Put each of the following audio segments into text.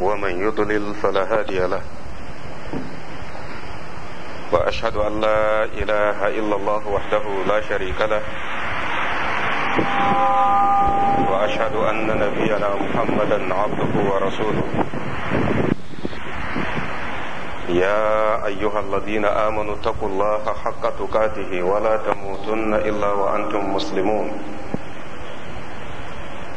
ومن يضلل فلا هادي له وأشهد أن لا إله إلا الله وحده لا شريك له وأشهد أن نبينا محمدا عبده ورسوله يا أيها الذين آمنوا اتقوا الله حق تقاته ولا تموتن إلا وأنتم مسلمون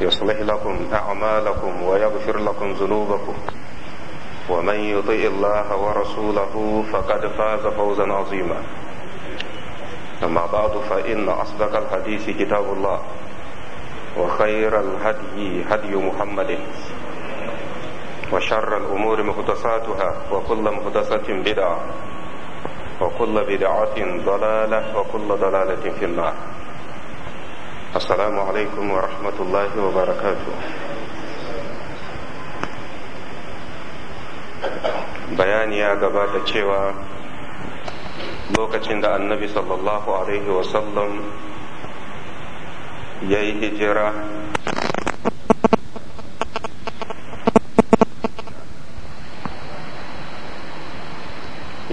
يصلح لكم أعمالكم ويغفر لكم ذنوبكم ومن يطع الله ورسوله فقد فاز فوزا عظيما أما بعد فإن أصدق الحديث كتاب الله وخير الهدي هدي محمد وشر الأمور مقدساتها وكل مقدسة بدعة وكل بدعة ضلالة وكل ضلالة في النار السلام عليكم ورحمة الله وبركاته bayani ya gabata cewa lokacin da annabi sallallahu alaihi wasallam ya yi hijira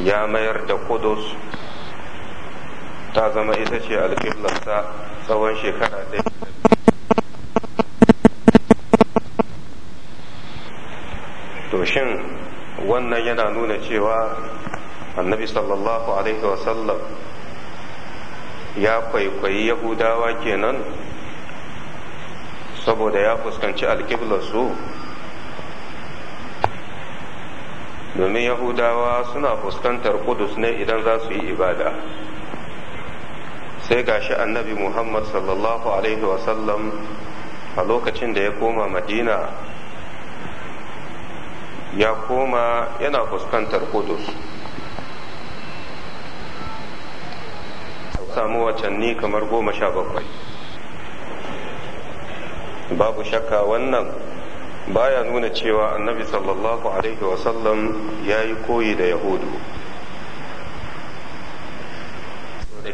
ya mayar da kudus ta zama ita ce alƙiblarsa tsawon shekara ɗaya to shin wannan yana nuna cewa annabi sallallahu alaihi wasallam ya kwaikwayi yahudawa kenan saboda ya fuskanci alƙiblarsu domin yahudawa suna fuskantar kudus ne idan za su yi ibada sai gashi annabi muhammad sallallahu alaihi wasallam a lokacin da ya koma madina ya koma yana fuskantar kudus samu watanni kamar goma sha bakwai babu shakka wannan baya nuna cewa annabi sallallahu alaihi wasallam ya yi koyi da yahudu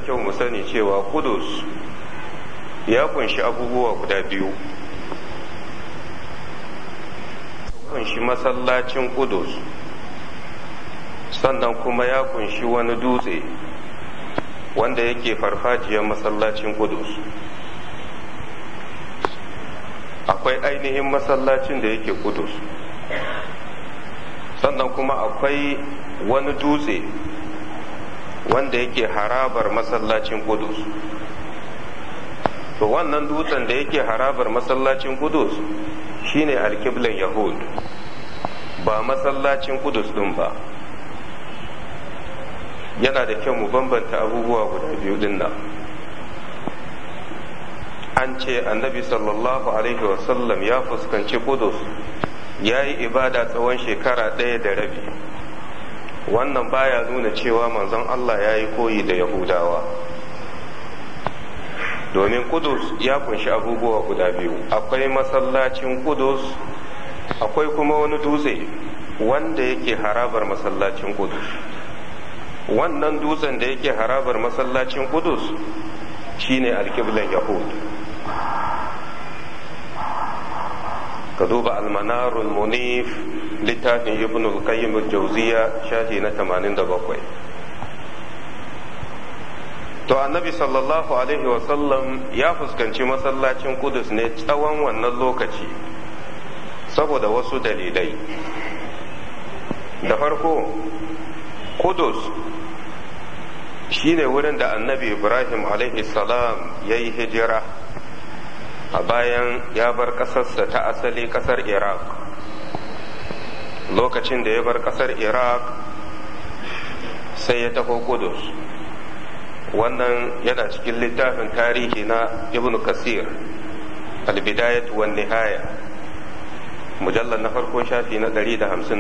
kyau mu sani cewa kudus ya kunshi abubuwa guda biyu kunshi masallacin kudus sannan kuma ya kunshi wani dutse wanda yake farfajiyar masallacin kudus akwai ainihin masallacin da yake kudus sannan kuma akwai wani dutse wanda yake harabar masallacin Qudus to wannan dutsen da yake harabar masallacin Qudus shine alkiblan Yahud ba masallacin Qudus din ba yana da kyau mu bambanta abubuwa guda biyu din nan an ce annabi sallallahu alaihi wasallam ya fuskanci Qudus ya yi ibada tsawon shekara ɗaya da rabi wannan baya nuna cewa manzon Allah ya yi koyi da yahudawa domin kudus ya kunshi abubuwa guda biyu akwai masallacin kudus akwai kuma wani dutse wanda yake harabar masallacin kudus wannan dutsen da yake harabar masallacin kudus shine alkiblan yahud ka duba almanarul munif littafin ibn al-qayyim al-jawziya shafi na 87 to annabi sallallahu alaihi wa sallam ya fuskanci masallacin kudus ne tsawon wannan lokaci saboda wasu dalilai da farko kudus shine wurin da annabi ibrahim alaihi salam ya yi hijira a bayan ya bar ƙasarsa ta asali ƙasar iraq lokacin da ya bar kasar iraq sai ya taho kudus wannan yana cikin littafin tarihi na ibn kasir albidayat wan nihaya mujallar na farko shafi na 158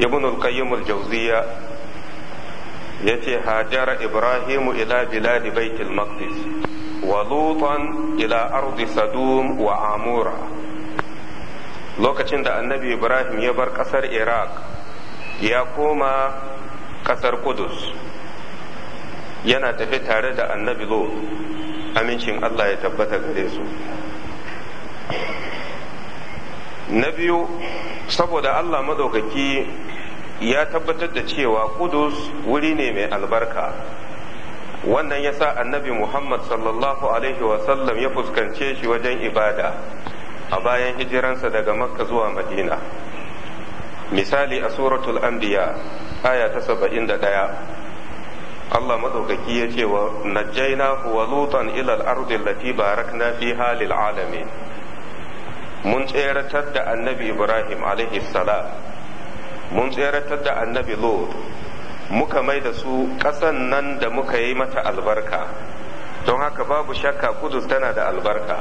ibn al-qayyim al-jawziya yace hajara ibrahimu ila biladi baitul maqdis wa lutan ila ardi sadum wa amura lokacin da annabi ibrahim ya bar ƙasar iraq ya koma ƙasar kudus yana tafi tare da annabi lo amincin allah ya tabbata gare su na biyu saboda allah Madaukaki ya tabbatar da cewa kudus wuri ne mai albarka wannan ya sa annabi muhammad sallallahu alaihi wasallam ya fuskance shi wajen ibada a bayan hijiransa daga makka zuwa madina misali a suratul anbiya aya ta saba'in da ɗaya Allah maɗaukaki ya ce wa najjaina wa lutan ilal ardi lati barakna fi halil alamin mun tseratar da annabi ibrahim alaihi salam mun tseratar da annabi lut muka mai da su ƙasan nan da muka yi mata albarka don haka babu shakka kudus tana da albarka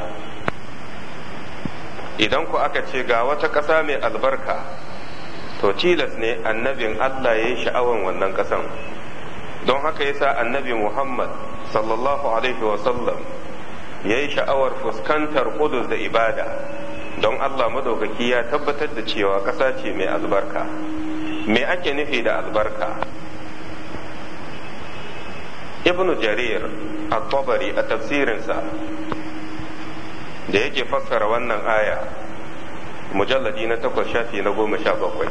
idan ku aka ce ga wata ƙasa mai albarka to tilas ne annabin Allah ya yi sha'awan wannan ƙasan don haka yasa annabi Muhammad sallallahu alaihi wasallam ya yi sha'awar fuskantar kudus da ibada don Allah madaukaki ya tabbatar da cewa ƙasa ce mai albarka me ake nufi da albarka Ibnu jarir at-tabari a tafsirinsa da yake fassara wannan aya mujalladi na takwas shafi na goma sha bakwai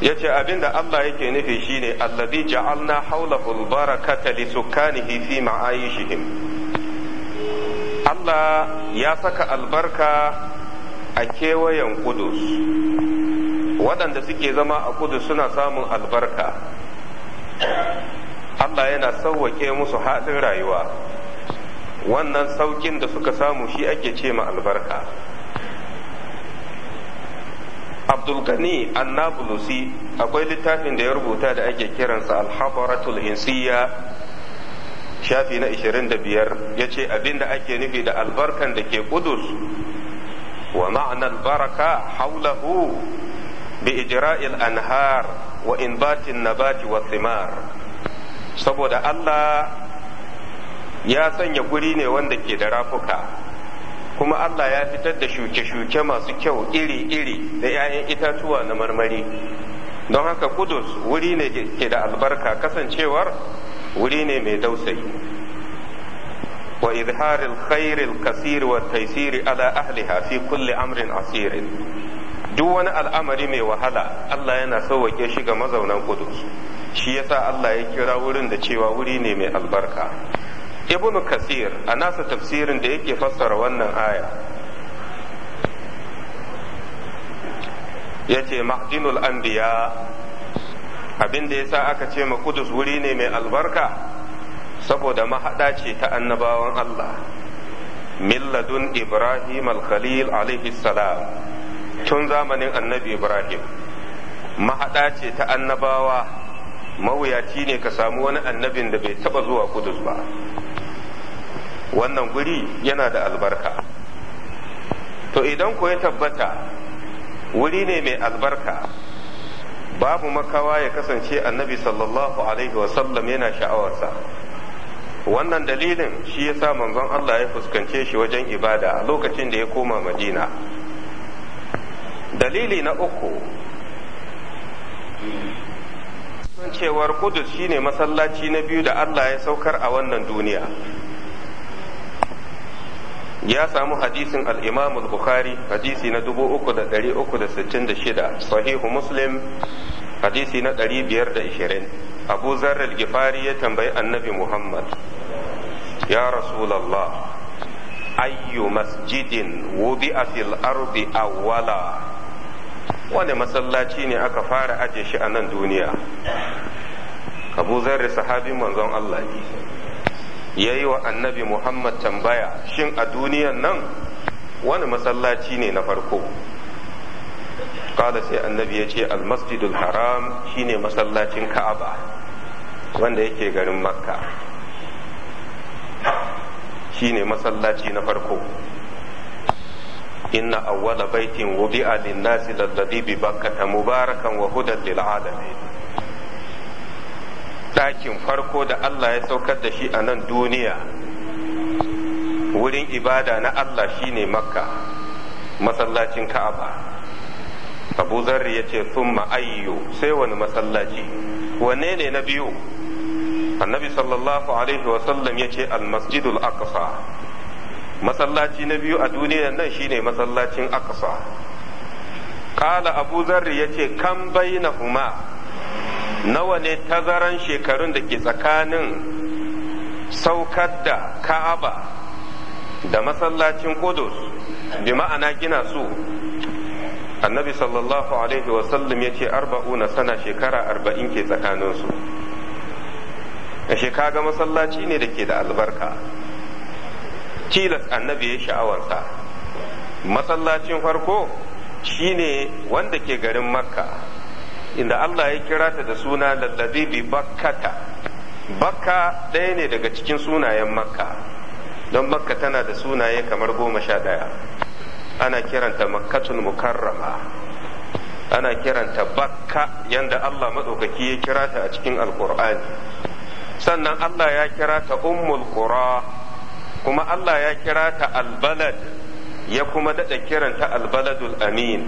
ya ce abinda Allah yake nufi shine alladhi ja'alna hawlahul barakata li sukkanihi fi ma'ayishihim Allah ya saka albarka a kewayen kudus waɗanda suke zama a kudus suna samun albarka Allah yana sauwaƙe musu haɗin rayuwa wannan saukin da suka samu shi ake ce ma albarka abdulgani annabulusi akwai littafin da ya rubuta da ake kiransa alhabaratul insiya shafi na 25 ya ce abinda ake nufi da albarkan da ke kudus wa ma'anar baraka haulahu bi ijra'il anhar wa inbatin nabati wa thimar saboda Allah ya sanya guri ne wanda ke da rafuka kuma Allah ya fitar da shuke-shuke masu kyau iri-iri da 'ya'yan itatuwa na marmari don haka kudus wuri ne ke da albarka kasancewar wuri ne mai dausayi wa izharil khairil kasir wa taisiri ala ahliha fi kulli amrin asirin duk wani al'amari mai wahala Allah yana sauwake shi ga mazaunan kudus shi yasa Allah ya kira wurin da cewa wuri ne mai albarka ibnu kasir a nasa tafsirin da yake fassara wannan aya ya ce mahdinul anbiya abin da ya sa aka ce ma kudus wuri ne mai albarka saboda mahaɗa ce ta annabawan Allah milladun Ibrahim al-Khalil alaihi salam tun zamanin annabi Ibrahim mahaɗa ce ta annabawa mawuyaci ne ka samu wani annabin da bai taba zuwa kudus ba wannan guri yana da albarka to idan ko ya tabbata wuri ne mai albarka babu makawa ya kasance annabi sallallahu alaihi wasallam yana sha'awarsa wannan dalilin shi ya sa manzon Allah ya fuskance shi wajen ibada lokacin da ya koma madina dalili na uku cewar kudus shine masallaci na biyu da Allah ya saukar a wannan duniya ya samu hadisin al-Imam al-Bukhari hadisi na 3366 sahihu Muslim hadisi na 520 Abu Zarr al Gifari ya tambayi Annabi Muhammad ya Rasulullah ayyu masjidin wudi'a fil ardi awwala wani masallaci ne aka fara aje shi a nan duniya abu zarri sahabin manzon Allah ya yi wa annabi Muhammad tambaya shin a duniyan nan wani masallaci ne na farko Kada sai annabi ya ce almasjidul haram shine masallacin ka'aba wanda yake garin makka shine masallaci na farko إن أول بيت وضع للناس للذي ببكة مباركا وهدى للعالمين ɗakin farko da Allah ya saukar da shi a nan duniya wurin ibada na Allah shi ne makka masallacin ka'aba abu zarri ya ce thumma ayyu sai wani masallaci wanne ne na biyu annabi sallallahu alaihi wasallam ya ce al almasjidul aqsa masallaci na biyu a duniya nan shine masallacin aqsa kala abu zarri ya ce kan na huma nawa ne tazaran shekarun da ke tsakanin saukar da ka'aba da masallacin kudus bi ma'ana gina su annabi sallallahu alaihi wasallam ya ce arba'una sana shekara arba'in ke tsakaninsu a shekaga masallaci ne da ke da albarka tilas annabi ya sha'awarsa masallacin farko shine wanda ke garin makka inda Allah ya kira ta da suna lallabibi bi bakkata bakka ɗaya ne daga cikin sunayen makka don makka tana da sunaye kamar goma sha ɗaya ana kiranta makkatul mukarrama ana kiranta bakka yanda Allah maɗaukaki ya kira ta a cikin alkur'ani sannan Allah ya kira ta ummul qura kuma Allah ya kira ta albalad ya kuma daɗa kiranta albaladul amin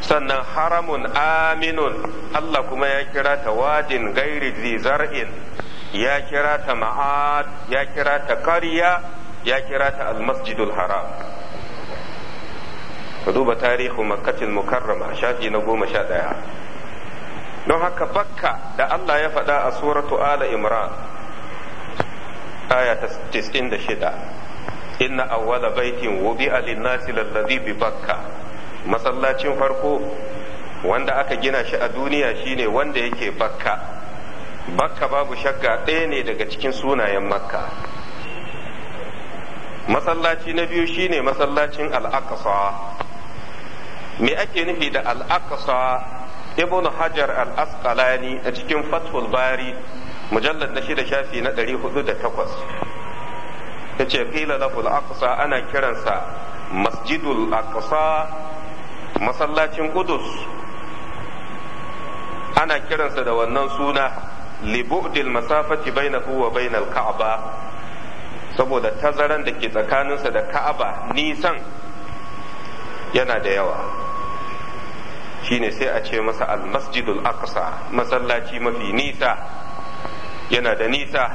sannan haramun aminun Allah kuma ya kira ta wadin gairi zar'in ya kira ta ma'ad ya kira ta ƙarya ya kira ta almasjidul haram Ku duba tarihin makkatin mukarrama shafi na goma sha ɗaya don haka bakka da Allah ya faɗa a suratu ala imran aya ta 96 inna awwala baitin wubi'a lin-nasi bi bakka masallacin farko wanda aka gina shi a duniya shine wanda yake bakka bakka babu shakka ɗaya ne daga cikin sunayen makka masallaci na biyu shine masallacin al-aqsa me ake nufi da al-aqsa ibnu hajar al-asqalani a cikin fathul bari Mujallar na shida shafi na ɗari hudu da takwas ya ce ƙila lahul aqsa ana kiransa masjidul aqsa masallacin kudus ana kiransa da wannan suna libu'dil masafati bainahu wa bainal ka'aba saboda tazaran da ke tsakaninsa da ka'aba nisan yana da yawa shine sai a ce masa al-masjidul aqsa masallaci mafi nisa yana da nisa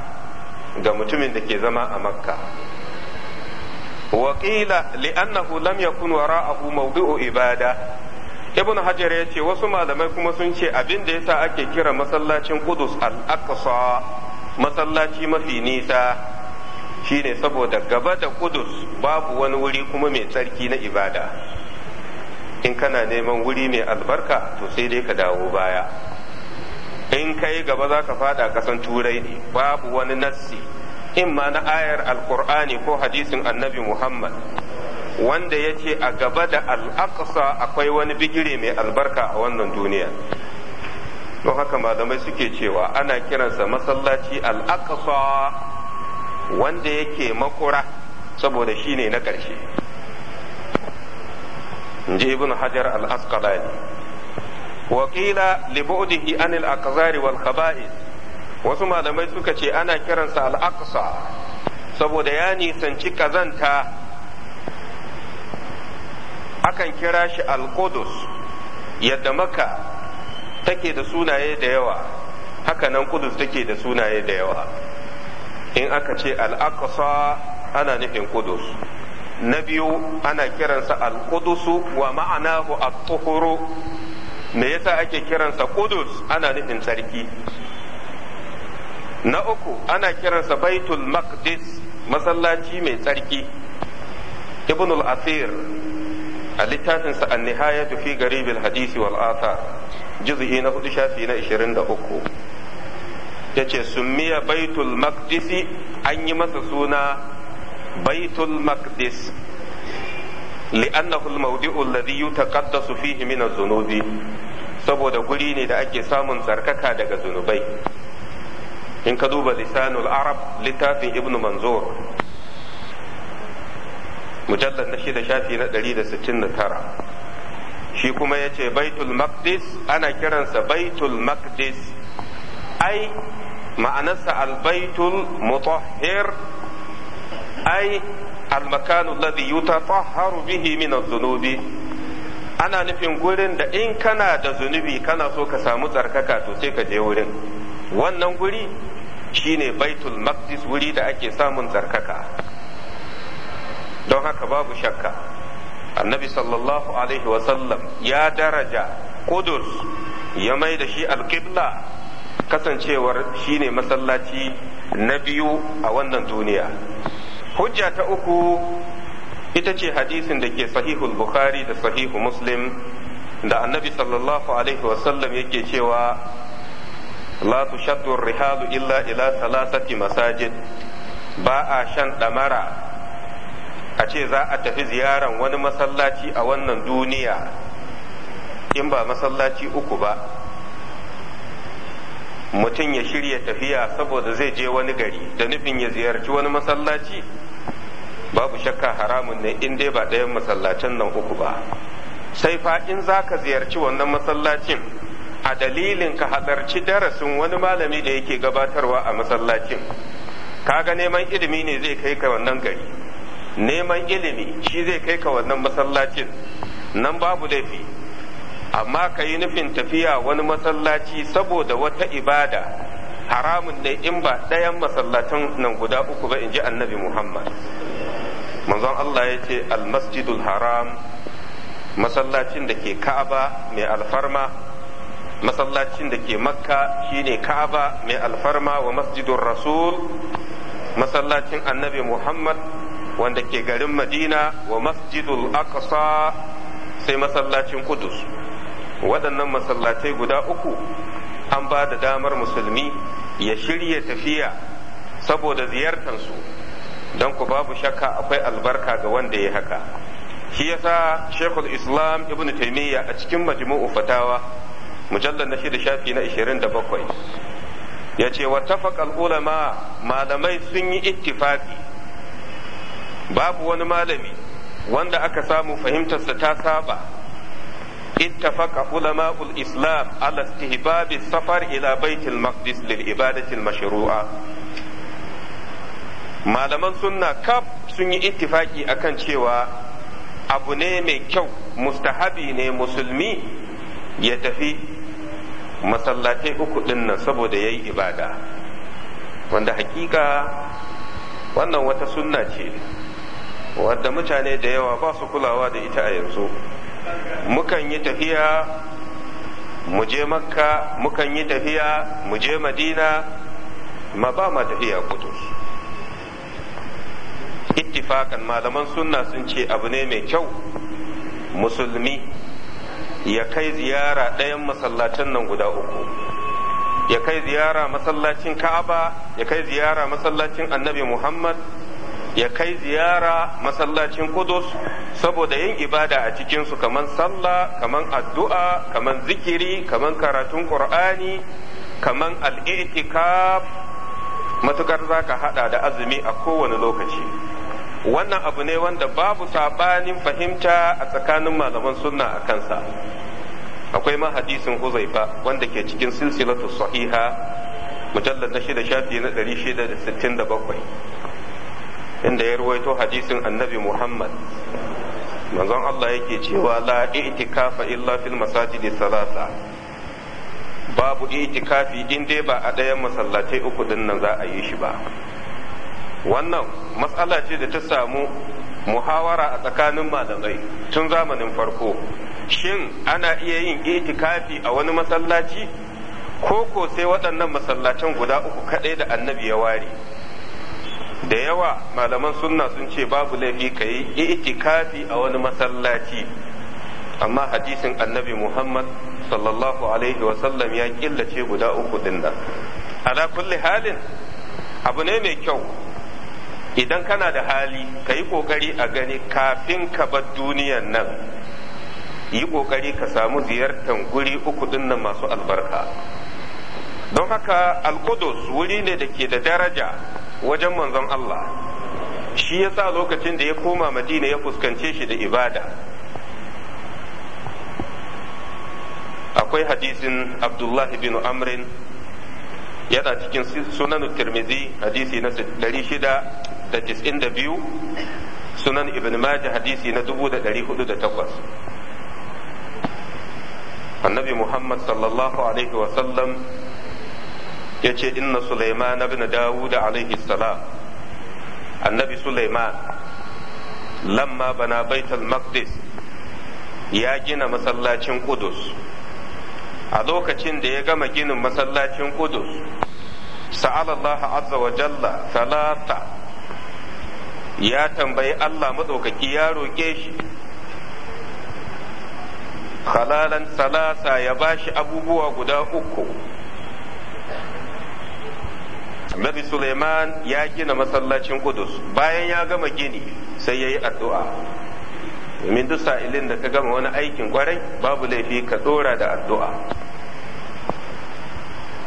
ga mutumin da ke zama a makka waƙila li'annahu lam yakun abu maudu'u ibada ibn hajar ya ce wasu malamai kuma sun ce abin da yasa ake kira masallacin kudus al-aqsa masallaci mafi nisa shine saboda gaba da Kudus babu wani wuri kuma mai tsarki na ibada in kana neman wuri mai albarka to sai dai ka dawo baya in kai gaba za ka fada kasan turai ne babu wani nassi in ma na ayar alkur'ani ko hadisin annabi muhammad wanda ya ce a gaba da al'aqsa akwai wani bigire mai albarka a wannan duniya don haka malamai suke cewa ana kiransa masallaci al'aqsa wanda yake makura saboda shine na ƙarshe in ibn hajar al-asqalani wa qila li bu'dihi anil aqzari wal wasu malamai suka ce ana kiransa al saboda ya nisanci kazanta akan kira shi al qudus yadda maka take da sunaye da yawa haka nan kudus take da sunaye da yawa in aka ce al-aqsa ana nufin kudus na biyu ana kiransa al-qudusu wa ma'anahu al tuhuru me yasa ake kiransa Qudus ana nufin sarki na uku ana kiransa Baitul Maqdis masallaci mai tsarki Ibn al-Asir a littafinsa an nihayatu fi garibil hadisi wal athar juz'i na hudu shafi na 23 yace summiya Baitul Maqdis an yi masa suna Baitul Maqdis li'annahu al-mawdi'u alladhi yutaqaddasu fihi min az-zunubi saboda guri ne da ake samun tsarkaka daga zunubai in ka duba lisanul arab littafin ibn manzur mujallar na shida shafi na 169 shi kuma ya ce baitul maqdis ana kiransa baitul maqdis ai ma'anarsa albaitul mutahhir ai المكان الذي يتطهر به من الذنوب ana nufin gurin da in kana da zunubi kana so ka samu tsarkaka to sai ka je wurin wannan guri shine baitul maqdis wuri da ake samun tsarkaka don haka babu shakka annabi sallallahu alaihi ya daraja kudus ya mai da shi alƙibla kasancewar shine masallaci na biyu a wannan duniya hujja ta uku ita ce hadisin da ke sahihul bukhari da sahihu muslim da annabi sallallahu alaihi wasallam yake cewa la tushaddu rihalu illa ila salasati masajid ba a shan damara a ce za a tafi ziyaran wani masallaci a wannan duniya in ba masallaci uku ba mutum ya shirya tafiya saboda zai je wani gari da nufin ya ziyarci wani masallaci babu shakka haramun ne in dai ba ɗayan masallacin nan uku ba sai fa in za ka ziyarci wannan masallacin a dalilin ka halarci darasin wani malami da yake gabatarwa a masallacin ga neman ilimi ne zai kai ka wannan gari neman ilimi shi zai kai ka wannan masallacin nan babu laifi amma ka yi nufin tafiya wani masallaci saboda wata ibada haramun ne in ba ɗayan masallacin nan guda uku ba in ji annabi muhammad manzon Allah ya ce almasjidul haram masallacin da ke ka'aba mai alfarma masallacin da ke makka shine ka'aba mai alfarma wa masjidun rasul masallacin annabi muhammad wanda ke garin madina wa masjidul aqsa sai masallacin kudus waɗannan masallatai guda uku an ba da damar musulmi ya shirya tafiya saboda ziyartansu su don ku babu shakka akwai albarka ga wanda ya haka shi yasa shekul islam ibn taimiyya a cikin majmu'u fatawa mujallar na shida shafi na 27 ya ce wa tafakal ulama malamai sun yi ittifaqi babu wani malami wanda aka samu fahimtarsa ta saba اتفق علماء الإسلام على safar السفر إلى بيت المقدس للإبادة المشروعة malaman sunna kaf sun yi ittifaki akan cewa abu ne mai kyau mustahabi ne musulmi ya tafi masallatai uku dinnan saboda ya yi ibada wanda hakika wannan wata sunna ce wadda mutane da yawa ba su kulawa da ita a yanzu mukan yi tafiya mu je makka mukan yi tafiya mu je madina ma ba ma tafiya kudus ittifakan malaman sunna sun ce abu ne mai kyau musulmi ya kai ziyara ɗayan masallacin nan guda uku ya kai ziyara masallacin ka'aba ya kai ziyara masallacin annabi muhammad ya kai ziyara masallacin kudus saboda yin ibada a cikinsu kamar sallah kaman addu'a kaman zikiri kaman karatun qur'ani kaman al'itikaf matukar za ka hada da azumi a kowane lokaci wannan abu ne wanda babu sabanin fahimta a tsakanin malaman sunna a kansa akwai ma hadisin huzaifa wanda ke cikin silsilatu sahiha mujallar na shida shafi na ɗari shida da sittin da bakwai inda ya ruwaito hadisin annabi muhammad manzon allah yake cewa la itikafa illa fil masajid salasa babu itikafi in dai ba a ɗayan masallatai uku din nan za a yi shi ba wannan matsala ce da ta samu muhawara a tsakanin malamai tun zamanin farko shin ana iya yin itikafi a wani masallaci ko ko sai waɗannan masallacin guda uku kaɗai da annabi ya ware da yawa malaman sunna sun ce babu laifi ka yi itikafi a wani masallaci amma hadisin annabi muhammad sallallahu alaihi wasallam ya killace guda uku din nan ala kulli halin abu ne mai kyau idan kana da hali ka yi ƙoƙari a gani kafin ka bar duniyan nan yi ƙoƙari ka samu ziyartar guri uku dinnan masu albarka don haka alkudus wuri ne da ke da daraja wajen manzon Allah shi ya sa lokacin da ya koma madina ya fuskance shi da ibada akwai hadisin abdullah bin amrin yana cikin sunan tirmizi hadisi na da tis'in da biyu sunan ibn Maji hadisi na dubu da ɗari hudu da takwas annabi muhammad sallallahu alaihi wasallam ya ce inna suleiman ibn dawud alaihi salam annabi suleiman lamma bana baitul maqdis ya gina masallacin kudus a lokacin da ya gama ginin masallacin kudus sa'alallah azza wa jalla talata ya tambayi Allah maɗaukaki ya roƙe shi halalan salasa ya ba shi abubuwa guda uku Nabi Suleiman ya gina masallacin Kudus bayan ya gama gini sai ya yi addu'a domin duk sa'ilin da ka gama wani aikin kwarai babu laifi ka ɗora da addu'a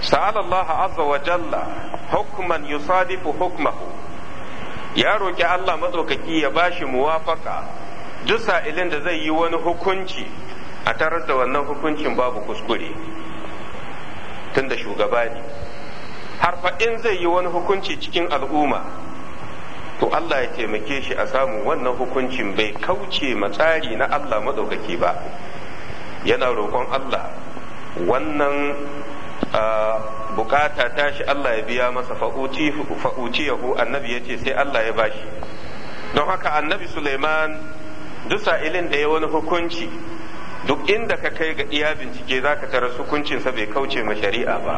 sa'alallah azza wa jalla hukman yusadifu hukmahu ya roƙi Allah matsaukaki ya ba bashi muwafaka duk sa'ilin da zai yi wani hukunci a tarar da wannan hukuncin babu kuskure tunda shugaba ne har in zai yi wani hukunci cikin al'umma to Allah ya taimake shi a samu wannan hukuncin bai kauce matsari na Allah maɗaukaki ba yana roƙon Allah wannan ah, bukata tashi Allah ya biya masa fa'uciyahu annabi ya ce sai Allah ya bashi don haka annabi Suleiman duk sa'ilin da ya wani hukunci duk inda ka kai ga iya bincike za ka taras hukuncinsa bai kauce ma shari'a ba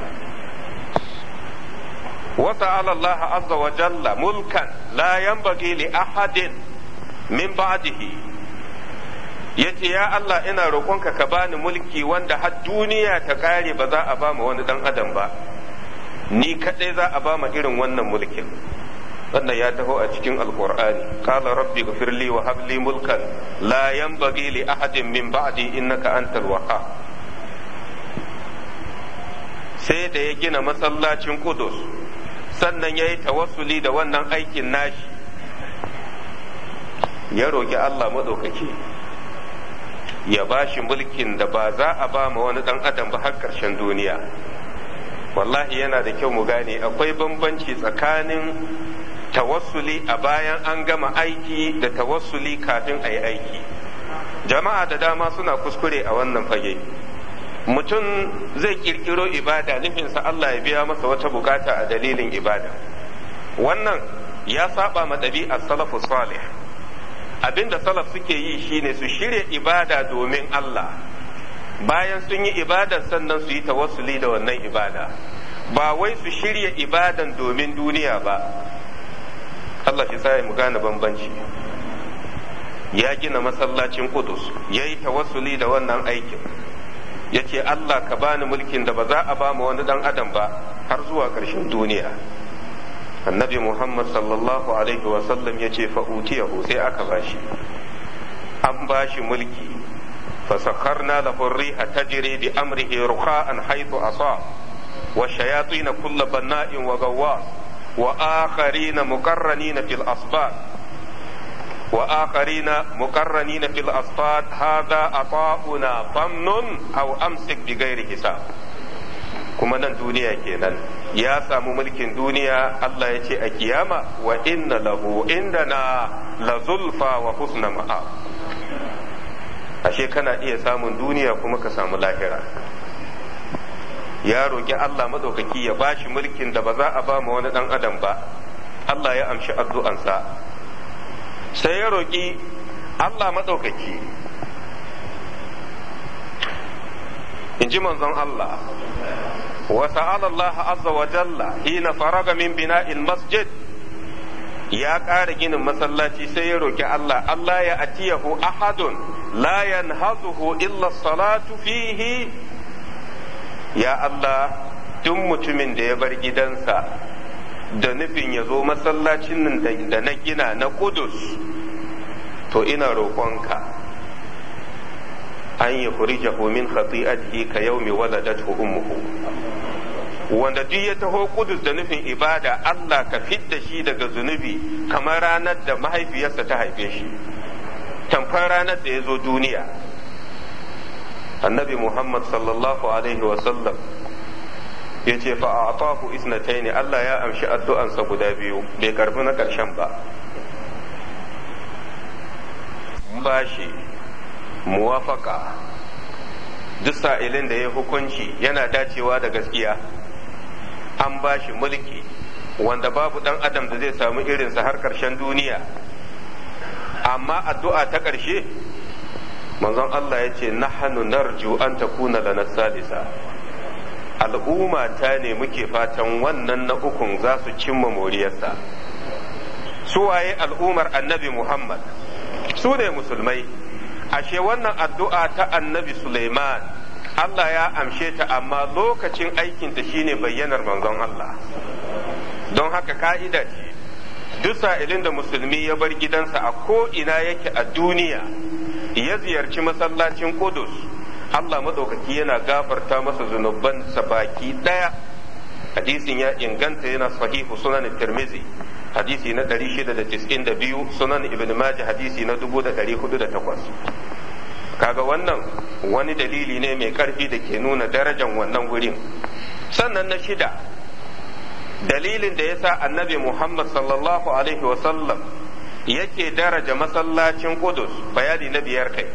wasa Allah azza wa jalla mulkan la yanbaghi li ahadin min ba'dihi ya ce ya Allah ina roƙonka ka bani mulki wanda har duniya ta ƙare ba za a ba ma wani ɗan adam ba ni kaɗai za a ba ma irin wannan mulkin wannan ya taho a cikin alƙur'ani qala rabbi ghfirli wa habli mulkan la yanbaghi li ahadin min ba'di innaka antal waha sai da ya gina masallacin Kudus sannan ya yi tawassuli da wannan aikin nashi ya roƙi Allah maɗaukaki ya ba shi mulkin da ba za a ba ma wani ɗan adam ba har ƙarshen duniya wallahi yana da kyau mu gane akwai bambanci tsakanin tawassuli a bayan an gama aiki da tawassuli kafin a yi aiki jama'a da dama suna kuskure a wannan fage mutum zai kirkiro ibada nufinsa Allah ya biya masa wata bukata a dalilin ibada wannan ya saba ma ɗabi'ar salafu salih Abin da salaf suke yi shine su shirya ibada domin Allah bayan sun yi ibadan sannan su yi tawassuli da wannan ibada ba wai su shirya ibadan domin duniya ba Allah shi sai mu gane bambanci ya gina masallacin Qudus ya yi tawassuli da wannan aikin ya ce Allah ka bani mulkin da ba za a ba mu wani dan adam ba har zuwa ƙarshen duniya annabi muhammad sallallahu alaihi wasallam ya ce fa'utiyahu sai aka bashi an bashi mulki fasakharna lahu riha tajri bi amrihi ruqa'an haythu asa wa shayatin kull banna'in wa gawwas wa akharina muqarranina fil asbab wa akharina muqarranina fil asfad hadha ata'una famnun aw amsik bi ghairi hisab kuma nan duniya kenan ya samu mulkin duniya Allah ya ce a kiyama wa inna lahu indana la zulfa wa husna ma'a ashe kana iya samun duniya kuma ka samu lahira ya roƙi Allah madaukaki ya bashi mulkin da ba za a ba ma wani ɗan adam ba Allah ya amshi addu'ansa sai ya roƙi Allah madaukaki in ji manzon Allah wa sa'ala azza wa jalla hina faraga min bina'il masjid ya ƙara ginin masallaci sai ya roki Allah Allah ya atiyahu ahadun la yanhazuhu illa salatu fihi ya Allah duk mutumin da ya bar gidansa da nufin ya zo masallacin da na gina na ƙudus? to ina roƙonka an yukhrijahu min khati'atihi ka yawmi waladathu ummuhu wanda duk ya taho kudus da nufin ibada Allah ka fidda shi daga zunubi kamar ranar da mahaifiyarsa ta haife shi tamfar ranar da ya zo duniya annabi muhammad sallallahu alaihi wasallam ya ce fa a isnatai ne Allah ya amshi addu'ansa guda biyu bai karfi na ƙarshen ba bashi muwafaka duk sa'ilin da ya hukunci yana dacewa da gaskiya an ba shi mulki wanda babu dan adam da zai samu irinsa har karshen duniya amma addu'a ta ƙarshe manzon Allah ya ce hannu narju an takuna lana salisa al'umma ta ne muke fatan wannan na ukun za su cimma moriyarsa su waye al'ummar annabi Muhammad su ne musulmai ashe wannan addu'a ta annabi Suleiman, Allah ya amshe ta amma lokacin aikinta shine bayyanar manzon Allah don haka ka'ida ce duk sa'ilin da musulmi ya bar gidansa a ko'ina yake a duniya ya ziyarci masallacin Kudus. Allah maɗaukaki yana gafarta masa zunubansa baki ɗaya hadisin ya inganta yana sahihu sunan Tirmizi. hadisi na 692 sunan ibn majah hadisi na 1408 kaga wannan wani dalili ne mai karfi da ke nuna darajar wannan wurin sannan na shida dalilin da yasa annabi muhammad sallallahu alaihi wa wasallam yake daraja masallacin kudus bayani na biyar kai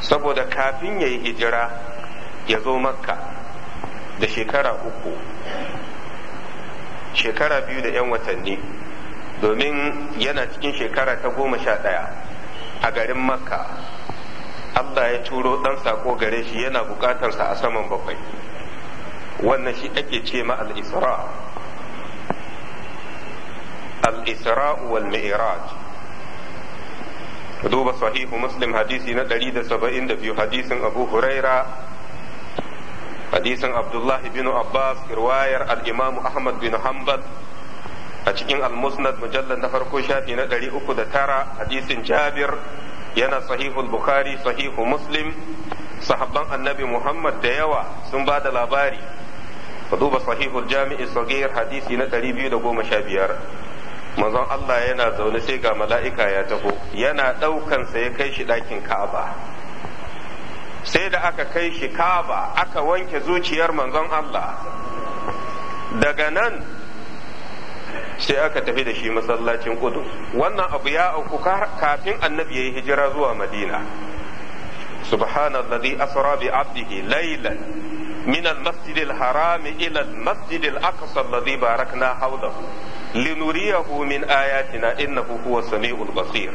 saboda kafin ya yi hijira ya zo makka da shekara uku shekara biyu da 'yan watanni domin yana cikin shekara ta goma sha ɗaya a garin makka allah ya turo ɗan sako gare shi yana buƙatarsa a saman bakwai wannan shi ake ce ma al Al'isra'u wal mi'raj duba sahihu muslim hadisi na 172 hadisin abu huraira hadisin abdullahi bin abbas riwayar al-imam ahmad bin hanbal a cikin al-musnad mujallad na farko shafi na tara. hadisin jabir yana sahihul bukhari sahihu muslim sahabban annabi muhammad da yawa sun ba da labari ka duba sahihul jami'i sagir hadisi na ɗari da goma biyar. manzon Allah yana zaune sai ga mala'ika ya taho yana ɗaukansa ya kai shi ɗakin ka'aba sai da aka kai shi kaba aka wanke zuciyar manzon Allah daga nan sai aka tafi da shi masallacin Kudu. wannan abu ya auku kafin annabi ya yi hijira zuwa madina subhanalladhi asra bi abdihi laylan من المسجد الحرام إلى المسجد الأقصى الذي باركنا حوله لنريه من آياتنا إنه هو السميع البصير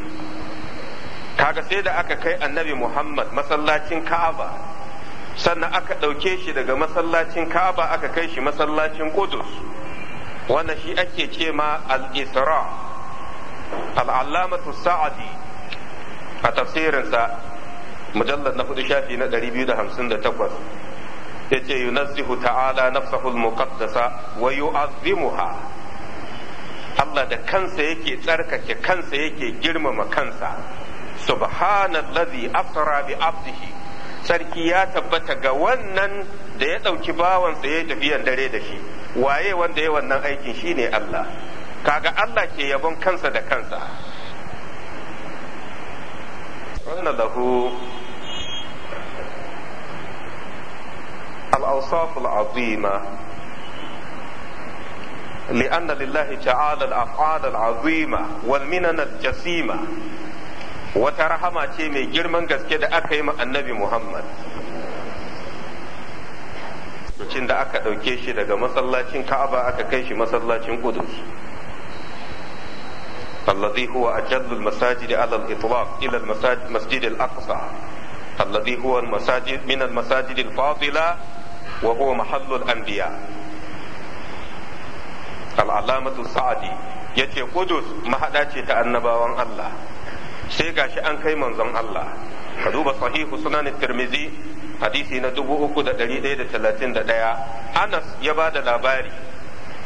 kaga sai da aka kai annabi muhammad masallacin ka'aba sannan aka ɗauke shi daga masallacin ka'aba aka kai shi masallacin kudus wanda shi ake ce ma al-isra al'allamatu sa'adi a tafsirinsa mujallar na hudu shafi na 258 ya ce yunazzihu ta'ala nafsahul muqaddasa wa yu'azzimuha Allah da kansa yake tsarkake kansa yake girmama kansa subhanallazi asra bi abdihi sarki ya tabbata ga wannan da ya ɗauki bawan ya tafiyan dare da shi waye wanda ya wannan aikin shine Allah kaga Allah ke yabon kansa da kansa wannan lahu الأوصاف العظيمة لأن لله تعالى الأفعال العظيمة والمنن الجسيمة wata rahama ce mai girman gaske da aka yi ma annabi Muhammad. Cin da aka ɗauke shi daga masallacin Ka'aba aka kai shi masallacin Qudus. الذي هو أجل المساجد على الإطلاق إلى المسجد الأقصى الذي هو المساجد من المساجد الفاضلة وهو محل الأنبياء العلامة السعدي يتي قدس مهداتي تأنبا الله sai gashi an kai manzon Allah ka duba sahihu sunan tirmizi hadisi na dubu uku da da da ɗari ɗaya talatin ɗaya, Anas ya ba da labari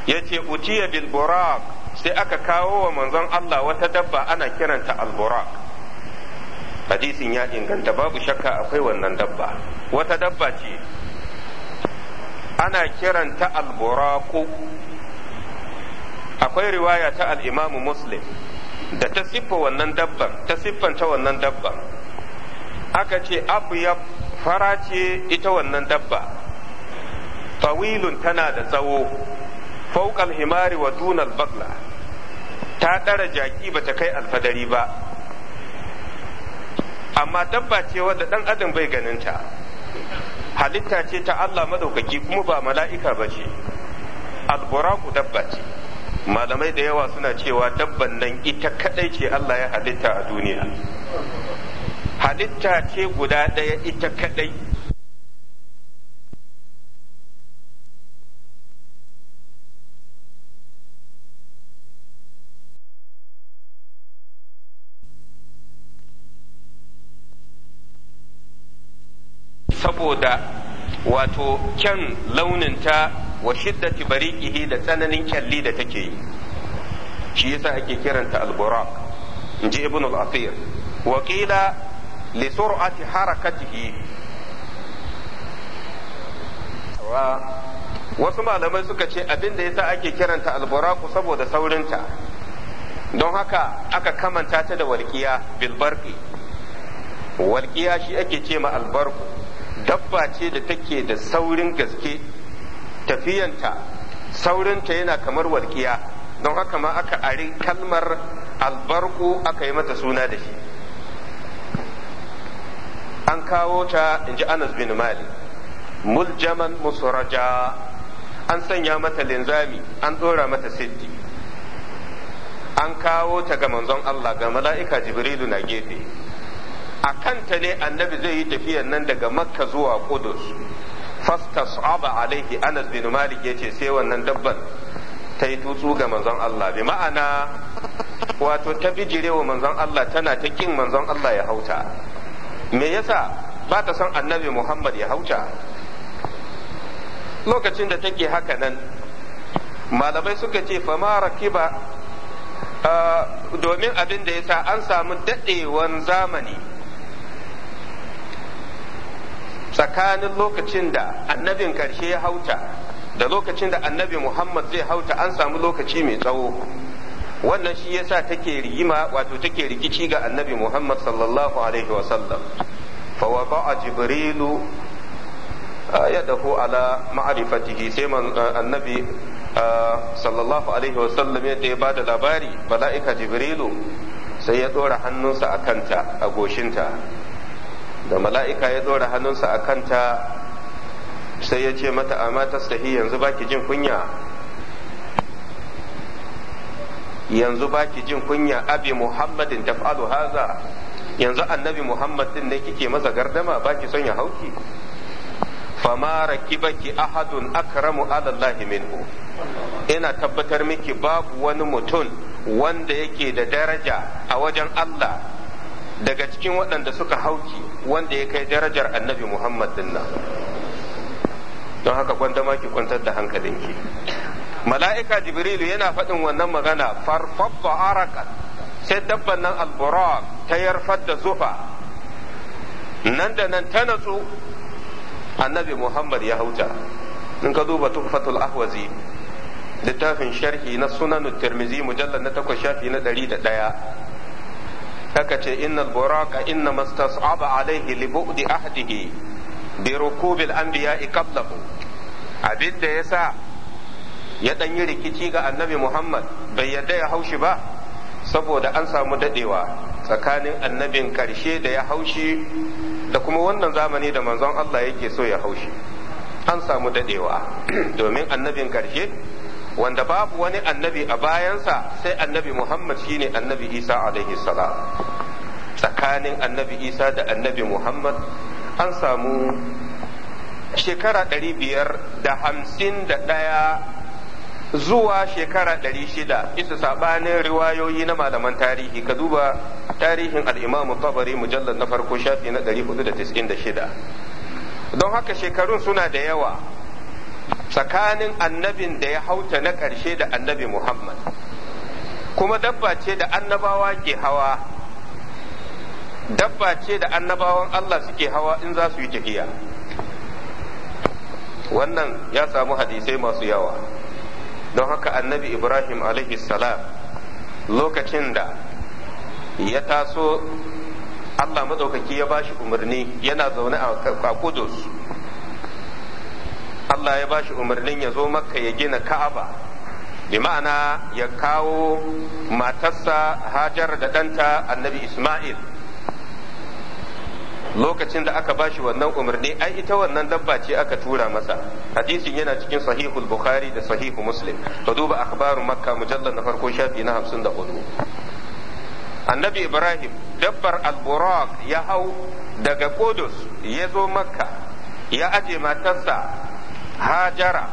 ya ce utiya bil buraq sai aka kawo wa manzon Allah wata dabba ana kiranta al buraq hadisin ya inganta babu shakka akwai wannan dabba wata dabba ce ana kiranta al buraq akwai riwaya ta al imamu muslim da ta siffa wannan dabban ta siffanta wannan dabban aka ce abu ya fara ce ita wannan dabba tawilun tana da tsawo fauƙal himari wa dunal bagla ta ɗara jaki ba ta kai alfadari ba amma dabba ce wadda ɗan adam bai ganinta halitta ce ta Allah madaukaki kuma ba mala'ika ba ce alburaku dabba ce malamai da yawa suna cewa dabban nan ita kadai ce Allah ya halitta a duniya halitta ce guda ɗaya ita kadai saboda wato kyan launinta wa shiddati bariqihi da tsananin kyalli da take yi shi yasa ake kiranta al-buraq inji ibn al-athir wa qila li sur'ati harakatihi wasu malamai suka ce abin da yasa ake kiranta al-buraq saboda saurinta don haka aka kamanta ta da walqiya bil barqi walqiya shi ake ce ma al-barq dabba ce da take da saurin gaske tafiyanta saurinta yana kamar walƙiya don haka ma aka ari kalmar albarku aka yi mata suna da shi an kawo ta in anas bin mali muljaman musuraja an sanya mata linzami an ɗora mata siddi an kawo ta ga manzon Allah ga mala'ika jibrilu na gefe a kanta ne annabi zai yi tafiyar nan daga makka zuwa kudus fastas'aba alaihi Anas bin Malik yace sai wannan dabban ta yi tutsu ga manzon Allah bi ma'ana wato ta bijirewa manzon Allah tana ta kin manzon Allah ya hauta me yasa ba ta san annabi Muhammad ya hauta lokacin da take haka nan malamai suka ce fa ba. Uh, domin abin da yasa an samu daɗewan zamani tsakanin lokacin da annabin ƙarshe ya hauta da lokacin da annabi Muhammad zai hauta an samu lokaci mai tsawo wannan shi yasa take rigima wato take rikici ga annabi Muhammad sallallahu alaihi wasallam fa wada'a jibrilu ah, dahu ala ma'rifatihi sai man ah, annabi ah, sallallahu alaihi wasallam ya ba da labari mala'ika jibrilu sai ya dora hannunsa a kanta a goshinta da mala'ika ya ɗora hannunsa a kanta sai ya ce mata amma ta yanzu baki jin kunya yanzu baki jin kunya abi muhammadin taf'alu haza yanzu annabi Muhammadin ne kike masa gardama baki son ya hauki fama rakibaki ahadun akramu alallahi allahi minhu ina tabbatar miki babu wani mutum wanda yake da daraja a wajen allah daga cikin waɗanda suka hauki wanda ya kai darajar annabi Muhammad dinna don haka gwandama ki kwantar da hankalinki mala'ika jibrilu yana faɗin wannan magana farfabba araka sai dabban nan alburak ta yarfar da zufa nan da nan ta natsu annabi muhammad ya hauta in ka duba tuhfatul ahwazi littafin sharhi na sunanu tirmizi mujallar na takwas shafi na ɗari da ɗaya kaka ce al buraka inna mastas'aba alaihi li bu'di ahdihi bi rukubil anbiya'i qablahu abin da yasa ya dan yi rikici ga annabi Muhammad bai yadda ya haushi ba saboda an samu dadewa tsakanin annabin karshe da ya haushi da kuma wannan zamani da manzon Allah yake so ya haushi an samu dadewa domin annabin karshe wanda babu wani annabi a bayansa sai annabi Muhammad shine annabi Isa alaihi salam tsakanin annabi Isa da annabi Muhammad an samu shekara ɗari biyar da hamsin da ɗaya zuwa shekara ɗari shida isa saɓanin riwayoyi na malaman tarihi ka duba tarihin al'imamu tabari mujallar na farko shafi na ɗari hudu da tis'in da shida don haka shekarun suna da yawa tsakanin annabin da ya hauta na ƙarshe da annabi Muhammad kuma dabba ce da annabawa ke hawa dabba ce da annabawan Allah suke hawa in za su yi tafiya wannan ya samu hadisai masu yawa don haka annabi Ibrahim salam lokacin da ya taso Allah maɗaukaki ya ba shi umarni yana zaune a Kudus. Allah ya bashi umarnin ya zo makka ya gina ka'aba bi ma'ana ya kawo matarsa hajar da ɗanta annabi isma'il lokacin da aka bashi wannan umarni ai ita wannan dabba ce aka tura masa hadisin yana cikin sahihul bukhari da sahihu muslim ka duba akhbaru makka mujallar na farko shafi na 54 annabi ibrahim dabbar alburaq ya hau daga kudus ya zo makka ya aje matarsa hajara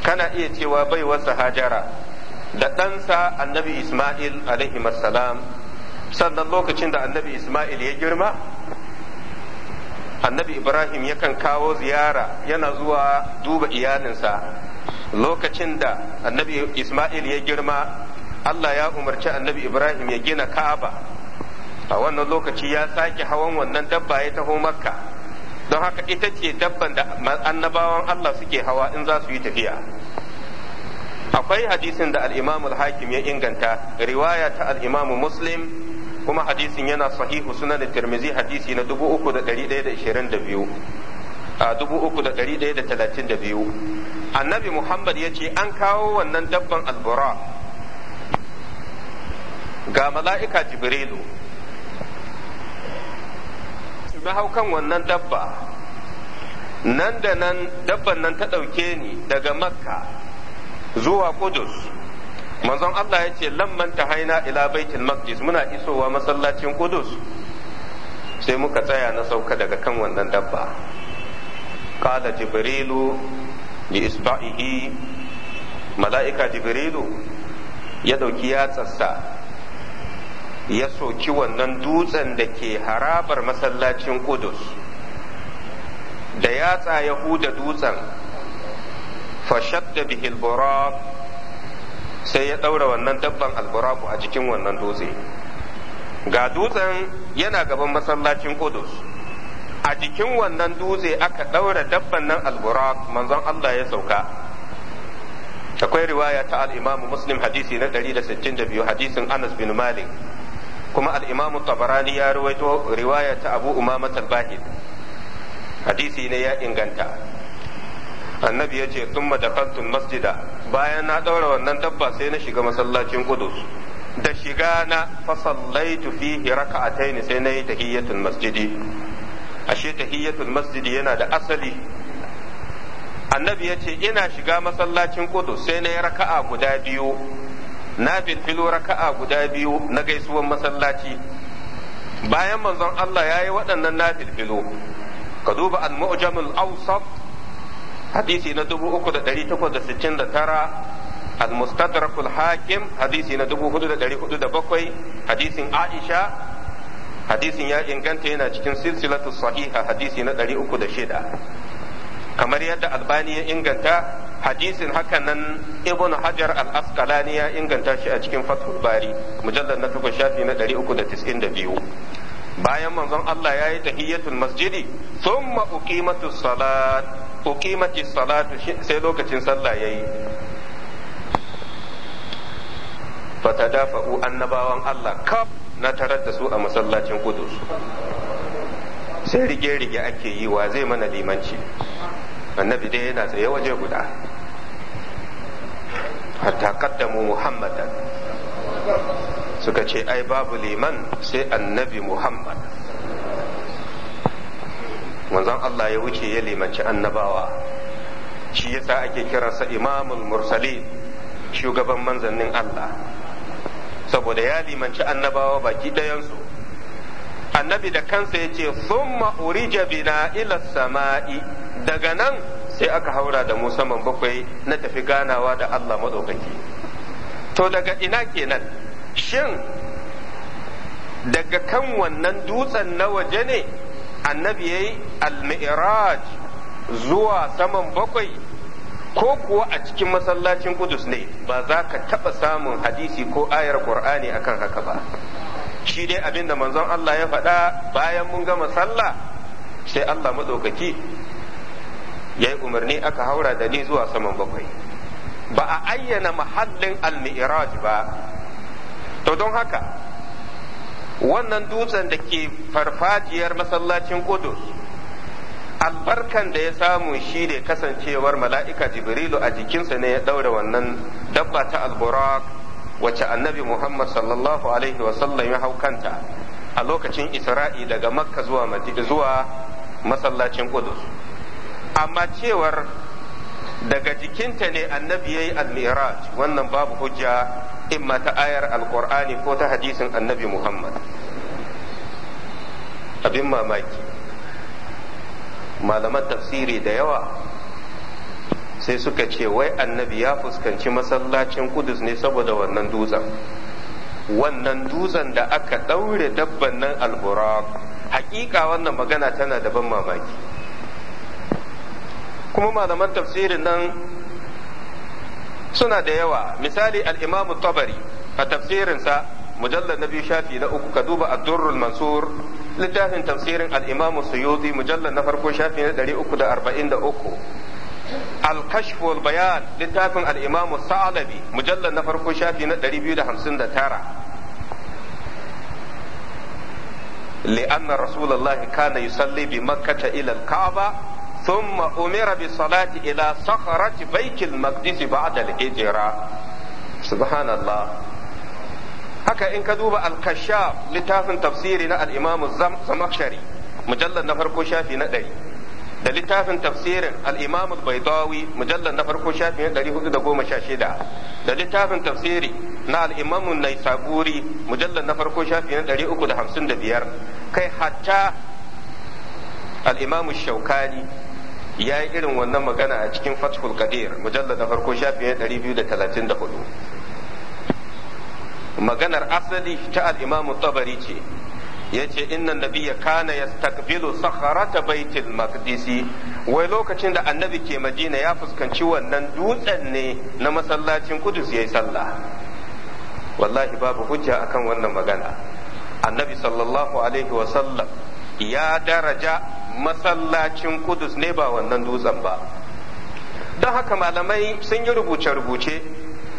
kana iya cewa baiwarsa hajara da ɗansa annabi isma'il salam sannan lokacin da annabi isma'il ya girma annabi ibrahim yakan kawo ziyara yana zuwa duba iyalinsa lokacin da annabi isma'il ya girma allah ya umarci annabi ibrahim ya gina ka'aba a wannan lokaci ya sake hawan wannan dabba ya taho makka don haka ita ce dabban da annabawan Allah suke hawa in za su yi tafiya akwai hadisin da al-imam al-hakim ya inganta riwaya ta al-imam muslim kuma hadisin yana sahihu sunan tirmizi hadisi na 3122 3132 annabi muhammad ya ce an kawo wannan dabban al al-bura ga mala'ika jibrilu na hau kan wannan dabba nan da nan dabban nan ta ɗauke ni daga makka zuwa kudus manzon Allah ya ce lamman ta haina ila baitul maqdis muna isowa masallacin kudus sai muka tsaya na sauka daga kan wannan dabba qala jibrilu bi isba'ihi mala'ika jibrilu ya ɗauki yatsarsa ya soki wannan dutsen da ke harabar masallacin kudus da yatsa ya huda dutsen da bihil sai ya ɗaura wannan dabban alburaku a jikin wannan dutse ga dutsen yana gaban masallacin kudus a jikin wannan dutse aka ɗaura dabban nan alburak manzon Allah ya sauka akwai riwaya ta al muslim hadisi na 162 hadisin anas bin malik kuma al tabarani ya ruwaito riwaya ta abu umama al-bahid hadisi ne ya inganta annabi ya ce sun dakaltun masjida bayan na ɗaura wannan dabba sai na shiga masallacin kudus da shiga na fasallaitu fihi raka'ataini sai na yi tahiyyatul masjidi ashe tahiyyatul masjidi yana da asali annabi ya ce ina shiga masallacin kudus sai na yi raka'a guda biyu na raka'a guda biyu na gaisuwan masallaci bayan manzon Allah ya yi waɗannan na filfilo ka duba al mu'jamul awsaf hadisi na dubu uku da takwas da sittin da tara al mustadrakul hakim hadisi na dubu da da bakwai hadisin aisha hadisin ya inganta yana cikin silsilatu sahiha hadisi na ɗari uku da shida kamar yadda albani ya inganta hadisin hakan nan ibn hajar al-asqalani ya inganta shi a cikin fathul bari mujallar na takwas shafi na 392 bayan manzon Allah ya yi masjidi thumma uqimatus salat uqimatis salatu sai lokacin sallah yayi fatadafa'u annabawan Allah kaf na tarar da su a masallacin Qudus sai rige-rige ake yi wa zai mana limanci annabi dai yana tsaye waje guda hatta kaddamu muhammadan suka ce ai babu liman sai annabi muhammad manzon Allah ya wuce ya limanci annabawa shi yasa ake kiransa imamul mursali shugaban manzannin Allah saboda ya limanci annabawa baki ɗayansu annabi da kansa ya ce summa urija bina ila sama'i daga nan sai aka haura da mu saman bakwai na tafi ganawa da Allah maɗaukaki to daga ina kenan shin daga kan wannan dutsen na waje ne annabi ya yi al zuwa saman bakwai ko kuwa a cikin masallacin kudus ne ba za ka taɓa samun hadisi ko ayar ƙur'ani akan haka ba shi dai abinda manzon Allah ya faɗa bayan mun gama sallah sai Allah maɗaukaki ya yi umarni aka haura da ni zuwa saman bakwai ba a ayyana mahallin al-mi'raj ba to don haka wannan dutsen da ke farfajiyar masallacin kudus albarkan da ya samu shi ne kasancewar mala'ika jibrilu a jikinsa ne ya ɗaura wannan dabba ta alburak wacce annabi muhammad sallallahu alaihi wasallam ya hau kanta a lokacin isra'i daga makka zuwa masallacin kudus amma cewar daga jikinta ne annabi ya yi almiraj wannan babu hujja imma ta ayar alkur'ani ko ta hadisin annabi muhammad abin mamaki malaman tafsiri da yawa sai suka ce wai annabi ya fuskanci masallacin kudus ne saboda wannan dutsen wannan dutsen da aka ɗaure dabban nan alburak hakika wannan magana tana da ban mamaki kuma malaman tafsirin nan suna da yawa misali Al'imamu tabari a tafsirinsa mujallar na biyu shafi na uku ka duba abdurrul mansur littafin tafsirin al'imamu imam suyuti mujallar na farko shafi na 343 الكشف والبيان لتافن الإمام الثعلبي مجلد نفر كشافي ندري بيو همسن تارا لأن رسول الله كان يصلي بمكة إلى الكعبة ثم أمر بالصلاة إلى صخرة بيت المقدس بعد الهجرة سبحان الله haka in ka duba al littafin tafsiri na al'imamu imam zamakshari mujallar na farko shafi na ɗari da littafin tafsirin al'imamu imam baidawi mujallar na farko shafi na ɗari hudu da goma sha shida da littafin tafsiri na al'imamu imam naisaburi mujallar na farko shafi na ɗari uku da hamsin da biyar kai hatta al'imamu imam shaukani ya yi irin wannan magana a cikin fathul qadir mujallar da farko shafi 234 maganar asali ta al-imam tabari ce yace inna nabiyya kana yastaqbilu sakharata baitil maqdisi wai lokacin da annabi ke madina ya fuskanci wannan dutsen ne na masallacin kudus yayi sallah wallahi babu hujja akan wannan magana annabi sallallahu alaihi wa sallam ya daraja masallacin kudus ne ba wannan dutsen ba don haka malamai sun yi rubuce-rubuce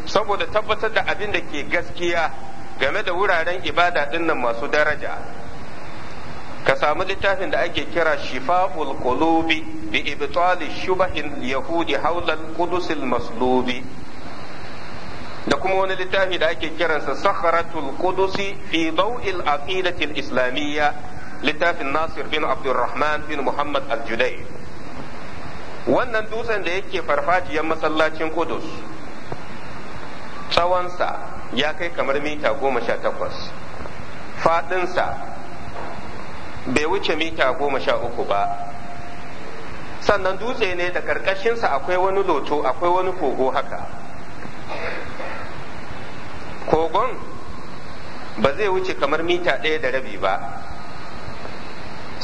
saboda tabbatar da abin da ke gaskiya game da wuraren ibada dinnan masu daraja ka samu littafin da ake kira shifa'ul qulubi bi ibtali shubahin yahudi Haulal al maslubi da kuma wani littafi da ake kiransa sakharatul qudusi fi daw'il aqidatil islamiyya littafin Nasir bin Abdulrahman bin Muhammad al-Judai wannan dutsen da yake farfajiyar masallacin Kudus tsawonsa ya kai kamar mita goma sha takwas faɗinsa bai wuce mita goma sha uku ba sannan dutse ne da ƙarƙashinsa akwai wani loto akwai wani kogo haka kogon ba zai wuce kamar mita ɗaya da rabi ba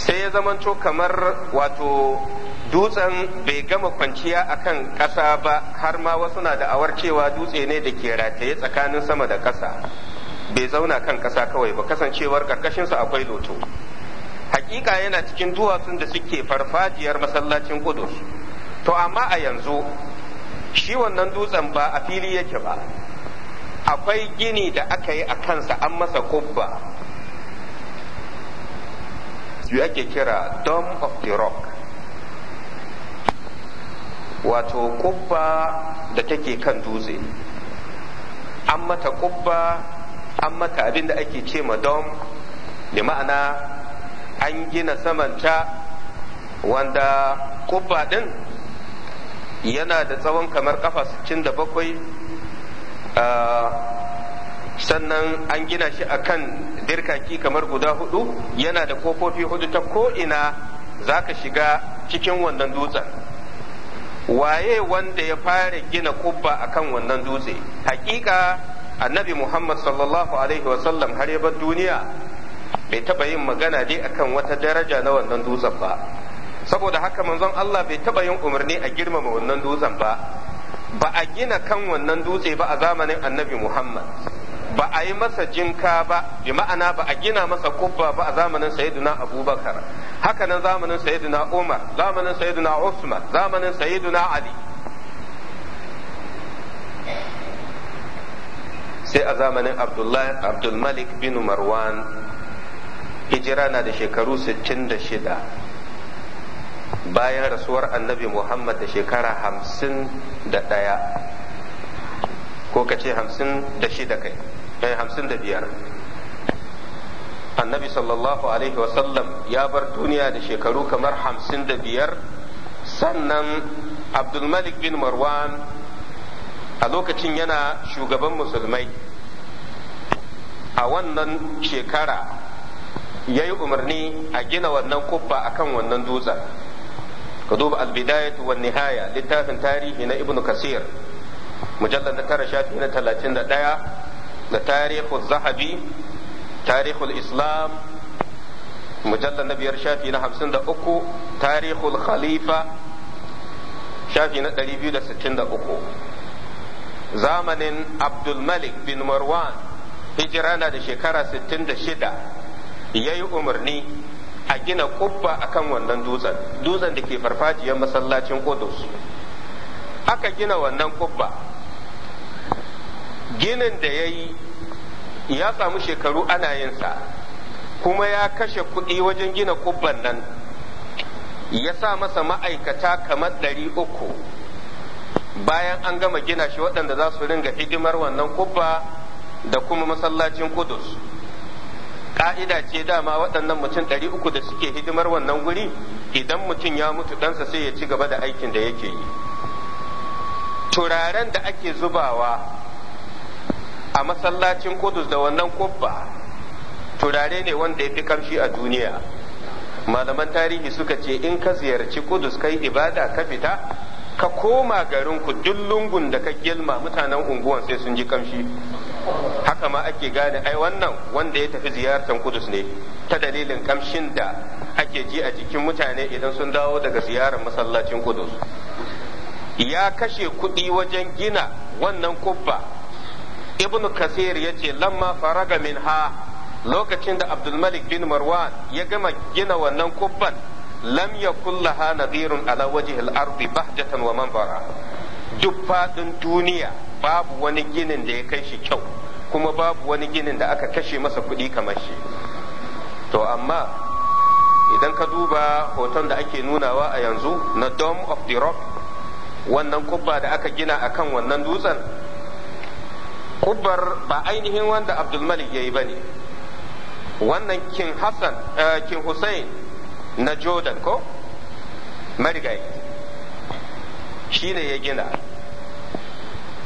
sai ya zamanto kamar wato dutsen bai gama kwanciya a kan ƙasa ba har ma wasu na da'awar cewa dutse ne da ke rataye tsakanin sama da ƙasa bai zauna kan ƙasa kawai ba kasancewar ƙarƙashinsa akwai loto hakika yana cikin duwatsun da suke farfajiyar masallacin kudus to amma a yanzu shi wannan dutsen ba a fili yake ba akwai gini da aka yi a kansa an masa kubba biyu ake kira dome of the rock wato kubba da take kan dutse an mata kubba an mata abin da ake ce ma dom da ma'ana an gina samanta wanda kubba din yana da tsawon kamar kafa 67 sannan an gina shi akan dirkaki kamar guda hudu yana da kofofi hudu ta ko'ina za ka shiga cikin wannan dutsen waye wanda ya fara gina kubba akan wannan dutse hakika annabi muhammad sallallahu alaihi wasallam har ya bar duniya bai taba yin magana dai akan wata daraja na wannan dutsen ba saboda haka manzon allah bai taba yin umarni a girmama wannan dutsen ba ba a gina kan wannan dutse ba a zamanin annabi muhammad ba a yi masa jinka ba bi ma'ana ba a gina masa kubba ba a zamanin sayyidina abubakar hakanan zamanin sayyidina umar zamanin sayyidina usman zamanin sayyidina ali sai a zamanin abdulmalik bin marwan hijira na da shekaru 66 bayan rasuwar annabi muhammad da shekara 51 ko ka ce 56 kai kai hamsin da biyar annabi sallallahu alaihi wasallam ya bar duniya da shekaru kamar hamsin da biyar sannan abdulmalik bin marwan a lokacin yana shugaban musulmai a wannan shekara ya yi umarni a gina wannan kubba kan wannan dutsen ka duba albidayatu wa nihaya littafin tarihi na ibnu kasir mujallar na tara shafi na talatin da ɗaya da tarihu zahabi tarihul islam mujallar na biyar shafi na hamsin da uku tarihul khalifa shafi na ɗari biyu da sittin da uku zamanin abdulmalik bin marwan hijira na da shekara sittin da shida ya yi umarni a gina kubba akan wannan dutsen dutsen da ke farfajiyar masallacin kudus aka gina wannan kubba ginin da ya yi ya samu shekaru ana yinsa kuma ya kashe kuɗi wajen gina kubban nan ya sa masa ma'aikata kamar ɗari uku bayan an gama gina shi waɗanda za su ringa hidimar wannan kubba da kuma masallacin kudus ƙa'ida ce dama waɗannan mutum ɗari uku da suke hidimar wannan guri idan mutum ya mutu ɗansa sai ya ci gaba da aikin da yake yi turaren da ake zubawa a masallacin kudus da wannan kubba turare ne wanda ya fi kamshi a duniya malaman tarihi suka ce in ka ziyarci kudus kai ibada ka fita ka koma garin ku duk lungun da ka gilma mutanen unguwan sai sun ji kamshi haka ma ake gane ai wannan wanda ya tafi ziyartar kudus ne ta dalilin kamshin da ake ji a jikin mutane idan sun dawo daga ziyarar masallacin kudus ya kashe kuɗi wajen gina wannan kubba Ibnu kasir ya ce lamma faraga min ha lokacin da abdulmalik bin marwan ya gama gina wannan kubban lam ya kullaha nadirun ala wajihil ardi bahjatan wa manfara duk faɗin duniya babu wani ginin da ya kai shi kyau kuma babu wani ginin da aka kashe masa kuɗi kamar shi to amma idan ka duba hoton da ake nunawa a yanzu na dome of the rock wannan kubba da aka gina akan wannan dutsen kubbar ba ainihin wanda abdulmalik ya yi ba ne wannan kin hassan eh, kin hussein na jordan ko marigayi shi ne ya gina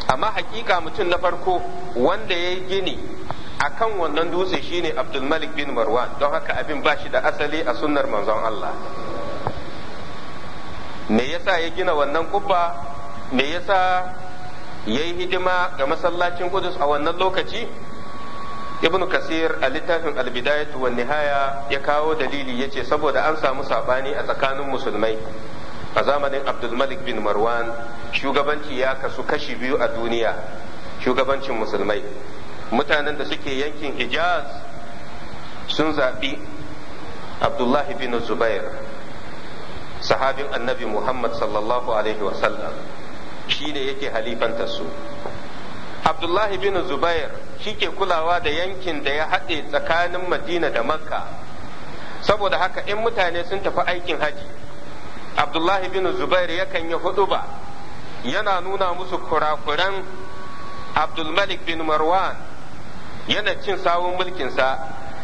amma hakika mutum na farko wanda ya yi gini akan wannan dutse shine malik bin marwan don haka abin ba shi da asali a sunnar manzon allah me yasa ya gina wannan kubba me yasa ya yi hidima ga masallacin Qudus a wannan lokaci ibnu kasir a littafin albidayatu wa nihaya ya kawo dalili ya ce saboda an samu sabani a tsakanin musulmai a zamanin abdulmalik bin marwan shugabanci ya kasu kashi biyu a duniya shugabancin musulmai mutanen da suke yankin hijaz sun zaɓi abdullahi bin zubair sahabin annabi muhammad sallallahu alaihi wasallam Shi ne yake halifanta su abdullahi bin zubair shi ke kulawa da yankin da ya haɗe tsakanin madina da makka saboda haka in mutane sun tafi aikin haji abdullahi bin zubair yakan yi hudu ba yana nuna musu kurakuran abdulmalik bin marwan yana cin sawun mulkinsa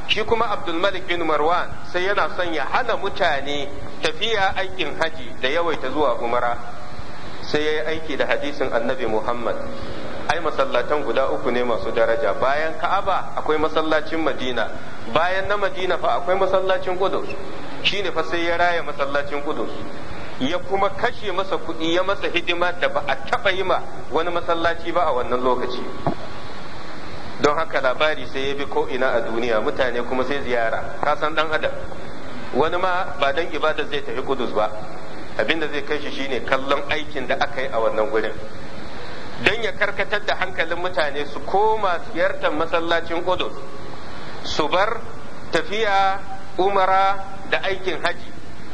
shi kuma abdulmalik bin marwan sai yana son ya hana mutane tafiya aikin haji da yawaita zuwa umara sai ya yi aiki da hadisin annabi muhammad ai masallatan guda uku ne masu daraja bayan ka'aba akwai masallacin madina bayan na madina fa akwai masallacin kudus ne fa sai ya raya masallacin kudus ya kuma kashe masa kuɗi ya masa hidima da ba a taɓa yi ma wani masallaci ba a wannan lokaci don haka labari sai ya bi ko ina a duniya mutane kuma sai ziyara ka san dan adam wani ma ba dan ibada zai tafi kudus ba abinda zai kai shi shine kallon aikin da aka yi a wannan gurin don ya karkatar da hankalin mutane su koma ziyartar masallacin Qudus su bar tafiya umara da aikin haji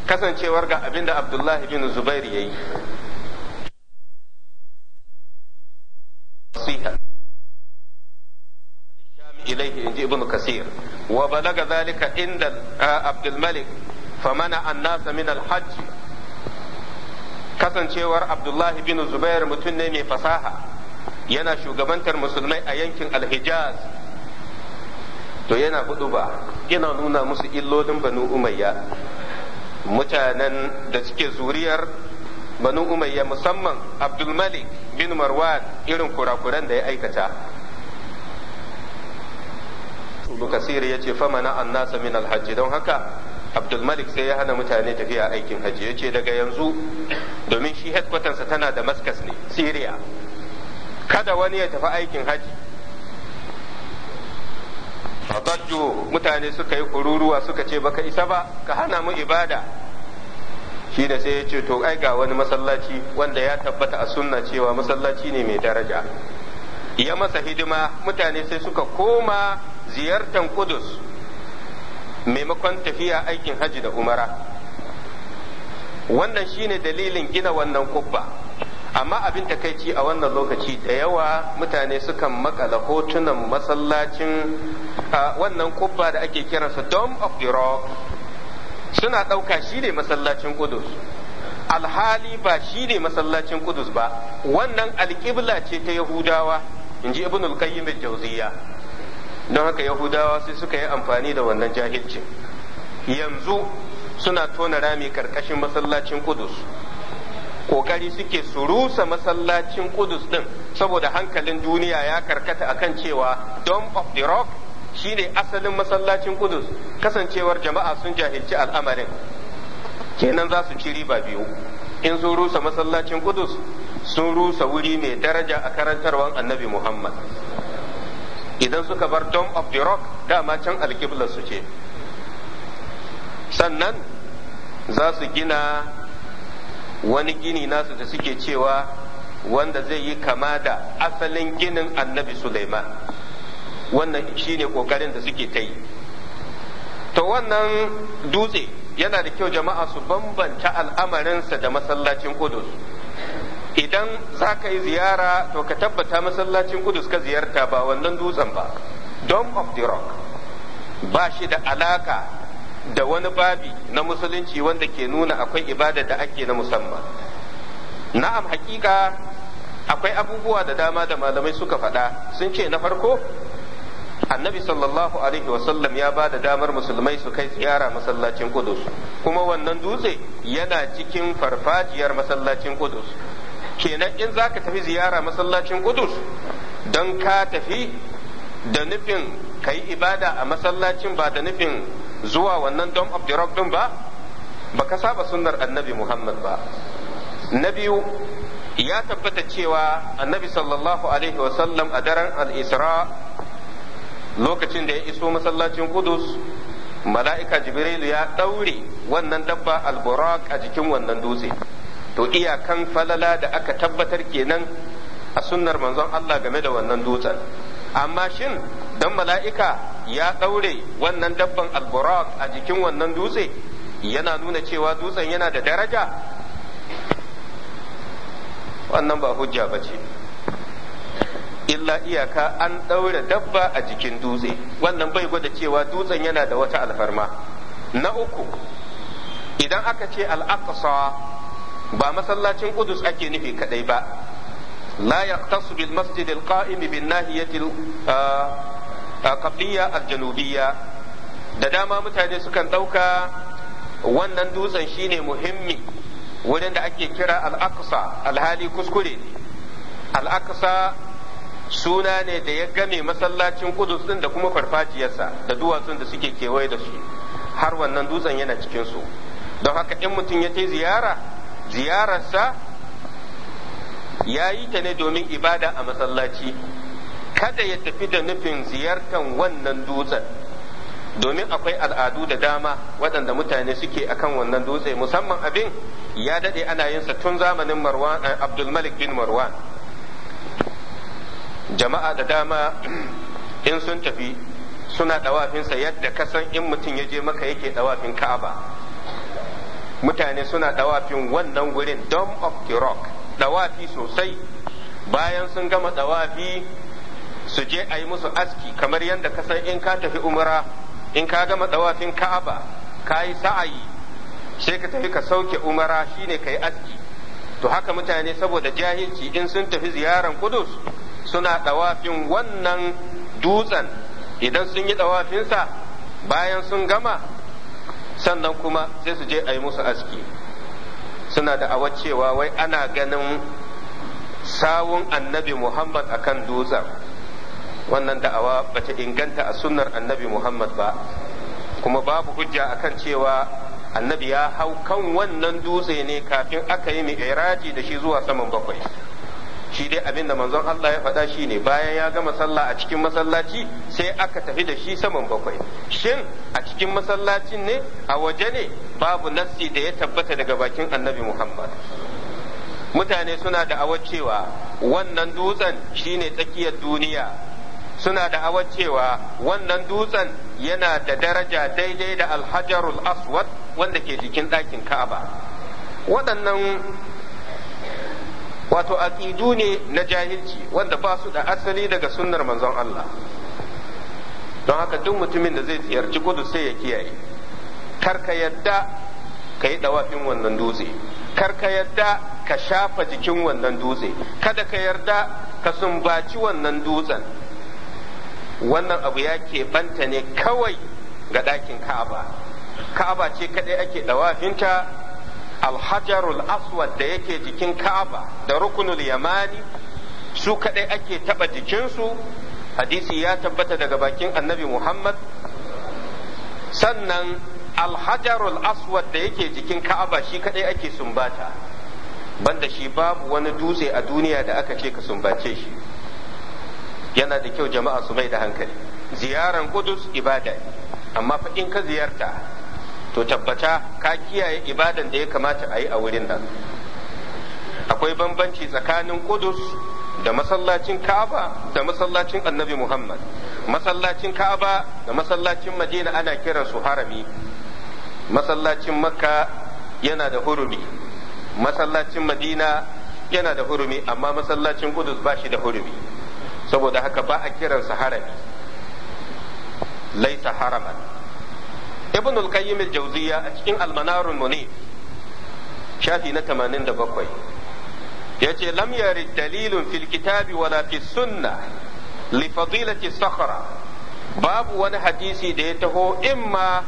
kasancewar ga abinda Abdullahi bin Zubair yayi إليه إنجي ابن كثير وبلغ ذلك عند عبد الملك فمنع الناس من الحج kasancewar abdullahi bin zubair mutum ne mai fasaha yana shugabantar musulmai a yankin alhijaz to yana hudu ba yana nuna musu illolin banu umayya mutanen da suke zuriyar banu umayya musamman abdulmalik bin marwan irin kurakuran da ya aikata kasiri ya ce famana an nasa min alhaji don haka abdulmalik sai ya hana mutane tafiya aikin hajji yace ce daga yanzu domin shi headquartersa tana damascus ne syria kada wani ya tafi aikin hajji fatajju mutane suka yi kururuwa suka ce baka isa ba ka hana mu ibada shi da sai ya ce to ai ga wani masallaci wanda ya tabbata a sunna cewa masallaci ne mai daraja ya masa hidima mutane sai suka koma ziyartar kudus maimakon tafiya aikin haji da umara wannan shine dalilin gina wannan kubba amma abin takaici a wannan lokaci da yawa mutane sukan makala hotunan masallacin wannan kubba da ake kiransa dome of the rock suna ɗauka shi ne masallacin kudus alhali ba shi ne masallacin kudus ba wannan alƙibla ce ta yahudawa in ji ibn al-qayyim al-jawziya don haka yahudawa sai suka yi amfani da wannan jahilcin yanzu suna tona rami karkashin masallacin kudus kokari suke su rusa masallacin kudus din saboda hankalin duniya ya karkata akan cewa dome of the rock shine asalin masallacin kudus kasancewar jama'a sun jahilci al'amarin kenan za su ci riba biyu in sun rusa masallacin kudus sun rusa wuri mai daraja a karantarwar annabi muhammad idan suka bar dome of the rock dama can alkiblar su ce sannan za su gina wani gini nasu da suke cewa wanda zai yi kama da asalin ginin annabi suleiman wannan shine kokarin da suke ta yi to wannan dutse yana da kyau jama'a su bambanta al'amarinsa da masallacin kudus idan za ka yi ziyara to ka tabbata masallacin kudus ka ziyarta ba wannan dutsen ba Don of the rock ba shi da alaka da wani babi na musulunci wanda ke nuna akwai ibada da ake na musamman na'am hakika akwai abubuwa da dama da malamai suka faɗa sun ce na farko annabi sallallahu alaihi wasallam ya ba da damar musulmai su kai ziyara masallacin kudus kuma wannan dutse yana cikin farfajiyar masallacin kudus kenan in za ka tafi ziyara masallacin Qudus don ka tafi da nufin ka yi ibada a masallacin ba da nufin zuwa wannan dom of the rock din ba ba ka saba sunnar annabi Muhammad ba na biyu ya tabbata cewa annabi sallallahu alaihi wasallam a daren al-isra lokacin da ya iso masallacin Qudus mala'ika jibrilu ya ɗaure wannan dabba al-buraq a jikin wannan dutse to iyakan falala da aka tabbatar kenan a sunnar manzon Allah game da wannan dutsen amma shin dan mala'ika ya daure wannan dabban alburak a jikin wannan dutse yana nuna cewa dutsen yana da daraja wannan ba hujja ba ce illa iyaka an daure dabba a jikin dutse wannan bai gwada cewa dutsen yana da wata alfarma na uku idan aka ce al-aqsa ba masallacin Qudus ake nufi kadai ba la yaqtasu bil masjid al qa'im bin nahiyati qabliyya al janubiyya da dama mutane sukan dauka wannan dutsen shine muhimmi wurin da ake kira al aqsa alhali kuskure ne al aqsa suna ne da ya game masallacin Qudus din da kuma farfajiyarsa da duwatsun da suke kewaye da shi har wannan dutsen yana cikin su don haka in mutum ya je ziyara ziyararsa ya yi ta ne domin ibada a masallaci kada ya tafi da nufin ziyartan wannan dutsen domin akwai al'adu da dama waɗanda mutane suke akan wannan dutse musamman abin ya daɗe ana yinsa tun zamanin marwan eh, abdulmalik bin marwan jama'a da dama in sun tafi suna ɗawafinsa yadda kasan in mutum ya je maka yake ɗawafin ka'aba mutane suna dawafin wannan wurin dom of the rock dawafi sosai bayan sun gama dawafi su je a yi musu aski kamar yadda ka san in ka tafi umra in ka gama dawafin ka'aba ka yi sa'ayi sai ka tafi ka sauke umara shine ka yi aski to haka mutane saboda jahilci in sun tafi ziyaran kudus suna dawafin wannan dutsen idan sun yi dawafinsa bayan sun gama sannan kuma sai su je a yi musu aski suna da awa cewa wai ana ganin sawun annabi muhammad a kan dutsen wannan da'awa ba ta inganta a sunnar annabi muhammad ba kuma babu hujja akan cewa annabi ya hau kan wannan dutse ne kafin aka yi mai da shi zuwa saman bakwai shi dai abin da manzon Allah ya faɗa shi ne bayan ya gama sallah a cikin masallaci sai aka tafi da shi saman bakwai shin a cikin masallacin ne a waje ne babu nassi da ya tabbata daga bakin annabi Muhammad mutane suna da cewa wannan dutsen shine tsakiyar duniya suna da cewa wannan dutsen yana da daraja daidai da alhajarul aswad wanda ke jikin ɗakin ka'aba waɗannan wato aqidu ne na jahilci wanda ba su da asali daga sunnar manzon Allah don haka duk mutumin da zai ziyarci kudu sai ya kiyaye kar ka yadda ka yi dawafin wannan dutse kar ka yarda ka shafa jikin wannan dutse kada ka yarda ka sumbaci wannan dutsen wannan abu ya banta ne kawai ga ɗakin ka'aba ka'aba ce kaɗai ake ɗawafinta alhajarul aswad da yake jikin ka'aba da rukunul yamani su kadai ake taba jikinsu hadisi ya tabbata daga bakin annabi muhammad sannan alhajarul aswad da yake jikin ka'aba shi kadai ake sumbata banda shi babu wani dutse a duniya da aka ce ka sumbace shi yana da kyau jama'a su mai da hankali ziyaran kudus ibada amma fa in ka ziyarta to tabbata ka kiyaye ibadan da ya kamata a yi a wurin nan akwai bambanci tsakanin kudus da masallacin ka'aba da masallacin annabi muhammad masallacin ka'aba da masallacin madina ana kiran su harami masallacin makka yana da hurumi masallacin madina yana da hurumi amma masallacin kudus ba shi da hurumi saboda haka ba a kiransa harami laisa haraman ibn al-qayyim al a cikin al-manarul munif shafi na 87 yace lam yarid dalilun fil kitabi wala fi sunna li fadilati sakhra babu wani hadisi da ya taho imma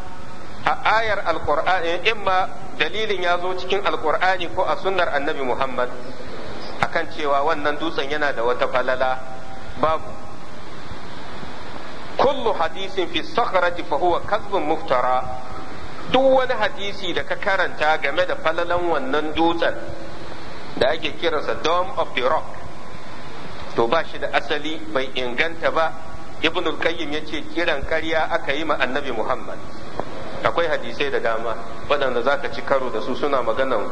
a ayar imma dalilin ya zo cikin Alƙur'ani ko a sunnar annabi muhammad akan cewa wannan dutsen yana da wata falala babu kullu hadisin fi sakhrati fa huwa kazbun muftara duk wani hadisi da ka karanta game da falalan wannan dutsen da ake kiransa dome of the rock to ba shi da asali bai inganta ba ibn al-qayyim yace kiran karya aka yi ma annabi muhammad akwai hadisai da dama waɗanda za ka ci karo da su suna maganan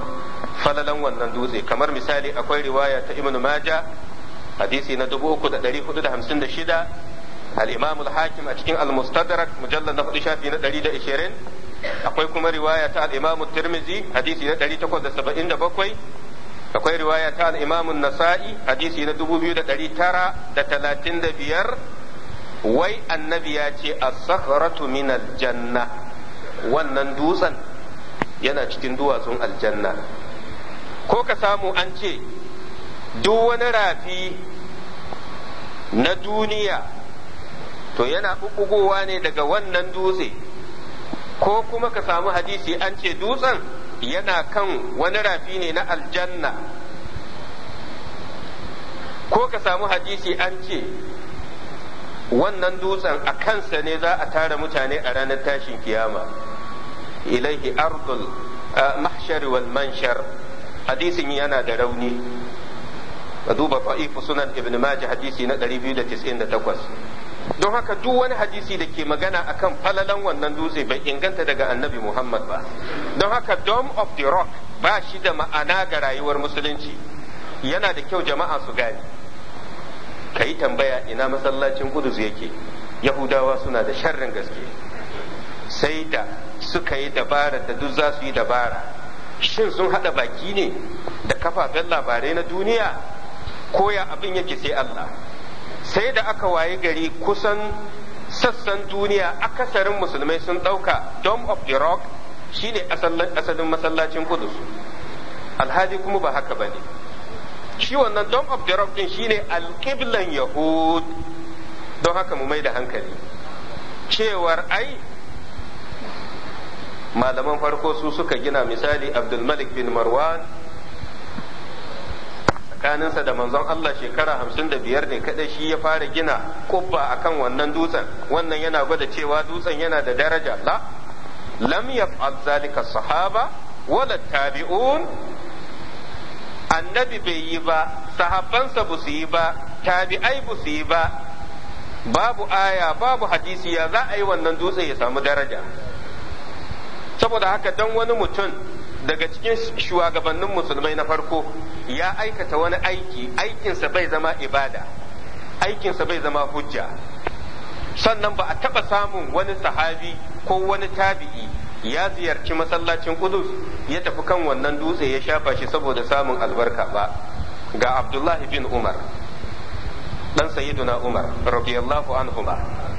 falalan wannan dutse kamar misali akwai riwaya ta ibn maja hadisi na 3456 al hakim a cikin al-mustadrak mujallad na 4 shafi na 120 akwai kuma riwaya ta al-imam at-tirmidhi hadisi na 877 akwai riwaya ta al-imam an-nasa'i hadisi na biyar. wai annabi ya ce as-sakhratu min al wannan dutsen yana cikin duwatsun aljanna ko ka samu an ce duk wani rafi na duniya to yana bubbugowa ne daga wannan dutse ko kuma ka samu hadisi an ce dutsen yana kan wani rafi ne na aljanna ko ka samu hadisi an ce wannan dutsen a kansa ne za a tara mutane a ranar tashin kiyama ilaihi ardul mahshar wal manshar hadisin yana da rauni ka duba fa'ifu sunan ibn majah hadisi na 298 don haka duk wani hadisi da ke magana akan falalan wannan dutse bai inganta daga annabi Muhammad ba don haka dome of the rock ba shi da ma'ana ga rayuwar musulunci yana da kyau jama'a su gane ka yi tambaya ina masallacin kudus yake yahudawa suna da sharrin gaske sai da suka yi dabara da duk za su yi dabara shin sun haɗa baki ne da kafafen labarai na duniya koya abin yake sai Allah sai da aka wayi gari kusan sassan duniya akasarin musulmai sun ɗauka dome of the rock shine asalin masallacin kudus alhaji kuma ba haka ba ne shi wannan dome of the rock din shine alƙiblan yahud don haka mu mai da hankali cewar ai malaman farko su suka gina misali abdulmalik bin marwan tsakaninsa da manzon Allah shekara hamsin da biyar ne kadai shi ya fara gina kubba akan wannan dutsen wannan yana gwada cewa dutsen yana da daraja la lam yaf'al zalika sahaba wala tabi'un annabi bai yi ba sahabbansa ba su yi ba tabi'ai ba su yi ba babu aya babu hadisi ya za a yi wannan dutse ya samu daraja saboda haka dan wani mutum daga cikin shugabannin musulmai na farko ya aikata wani aiki aikinsa bai zama ibada aikinsa bai zama hujja sannan ba a taɓa samun wani sahabi ko wani tabi'i ya ziyarci masallacin kudus ya tafi kan wannan dutse ya shafa shi saboda samun albarka ba ga abdullahi bin umar dan sayyiduna umar radiyallahu anhuma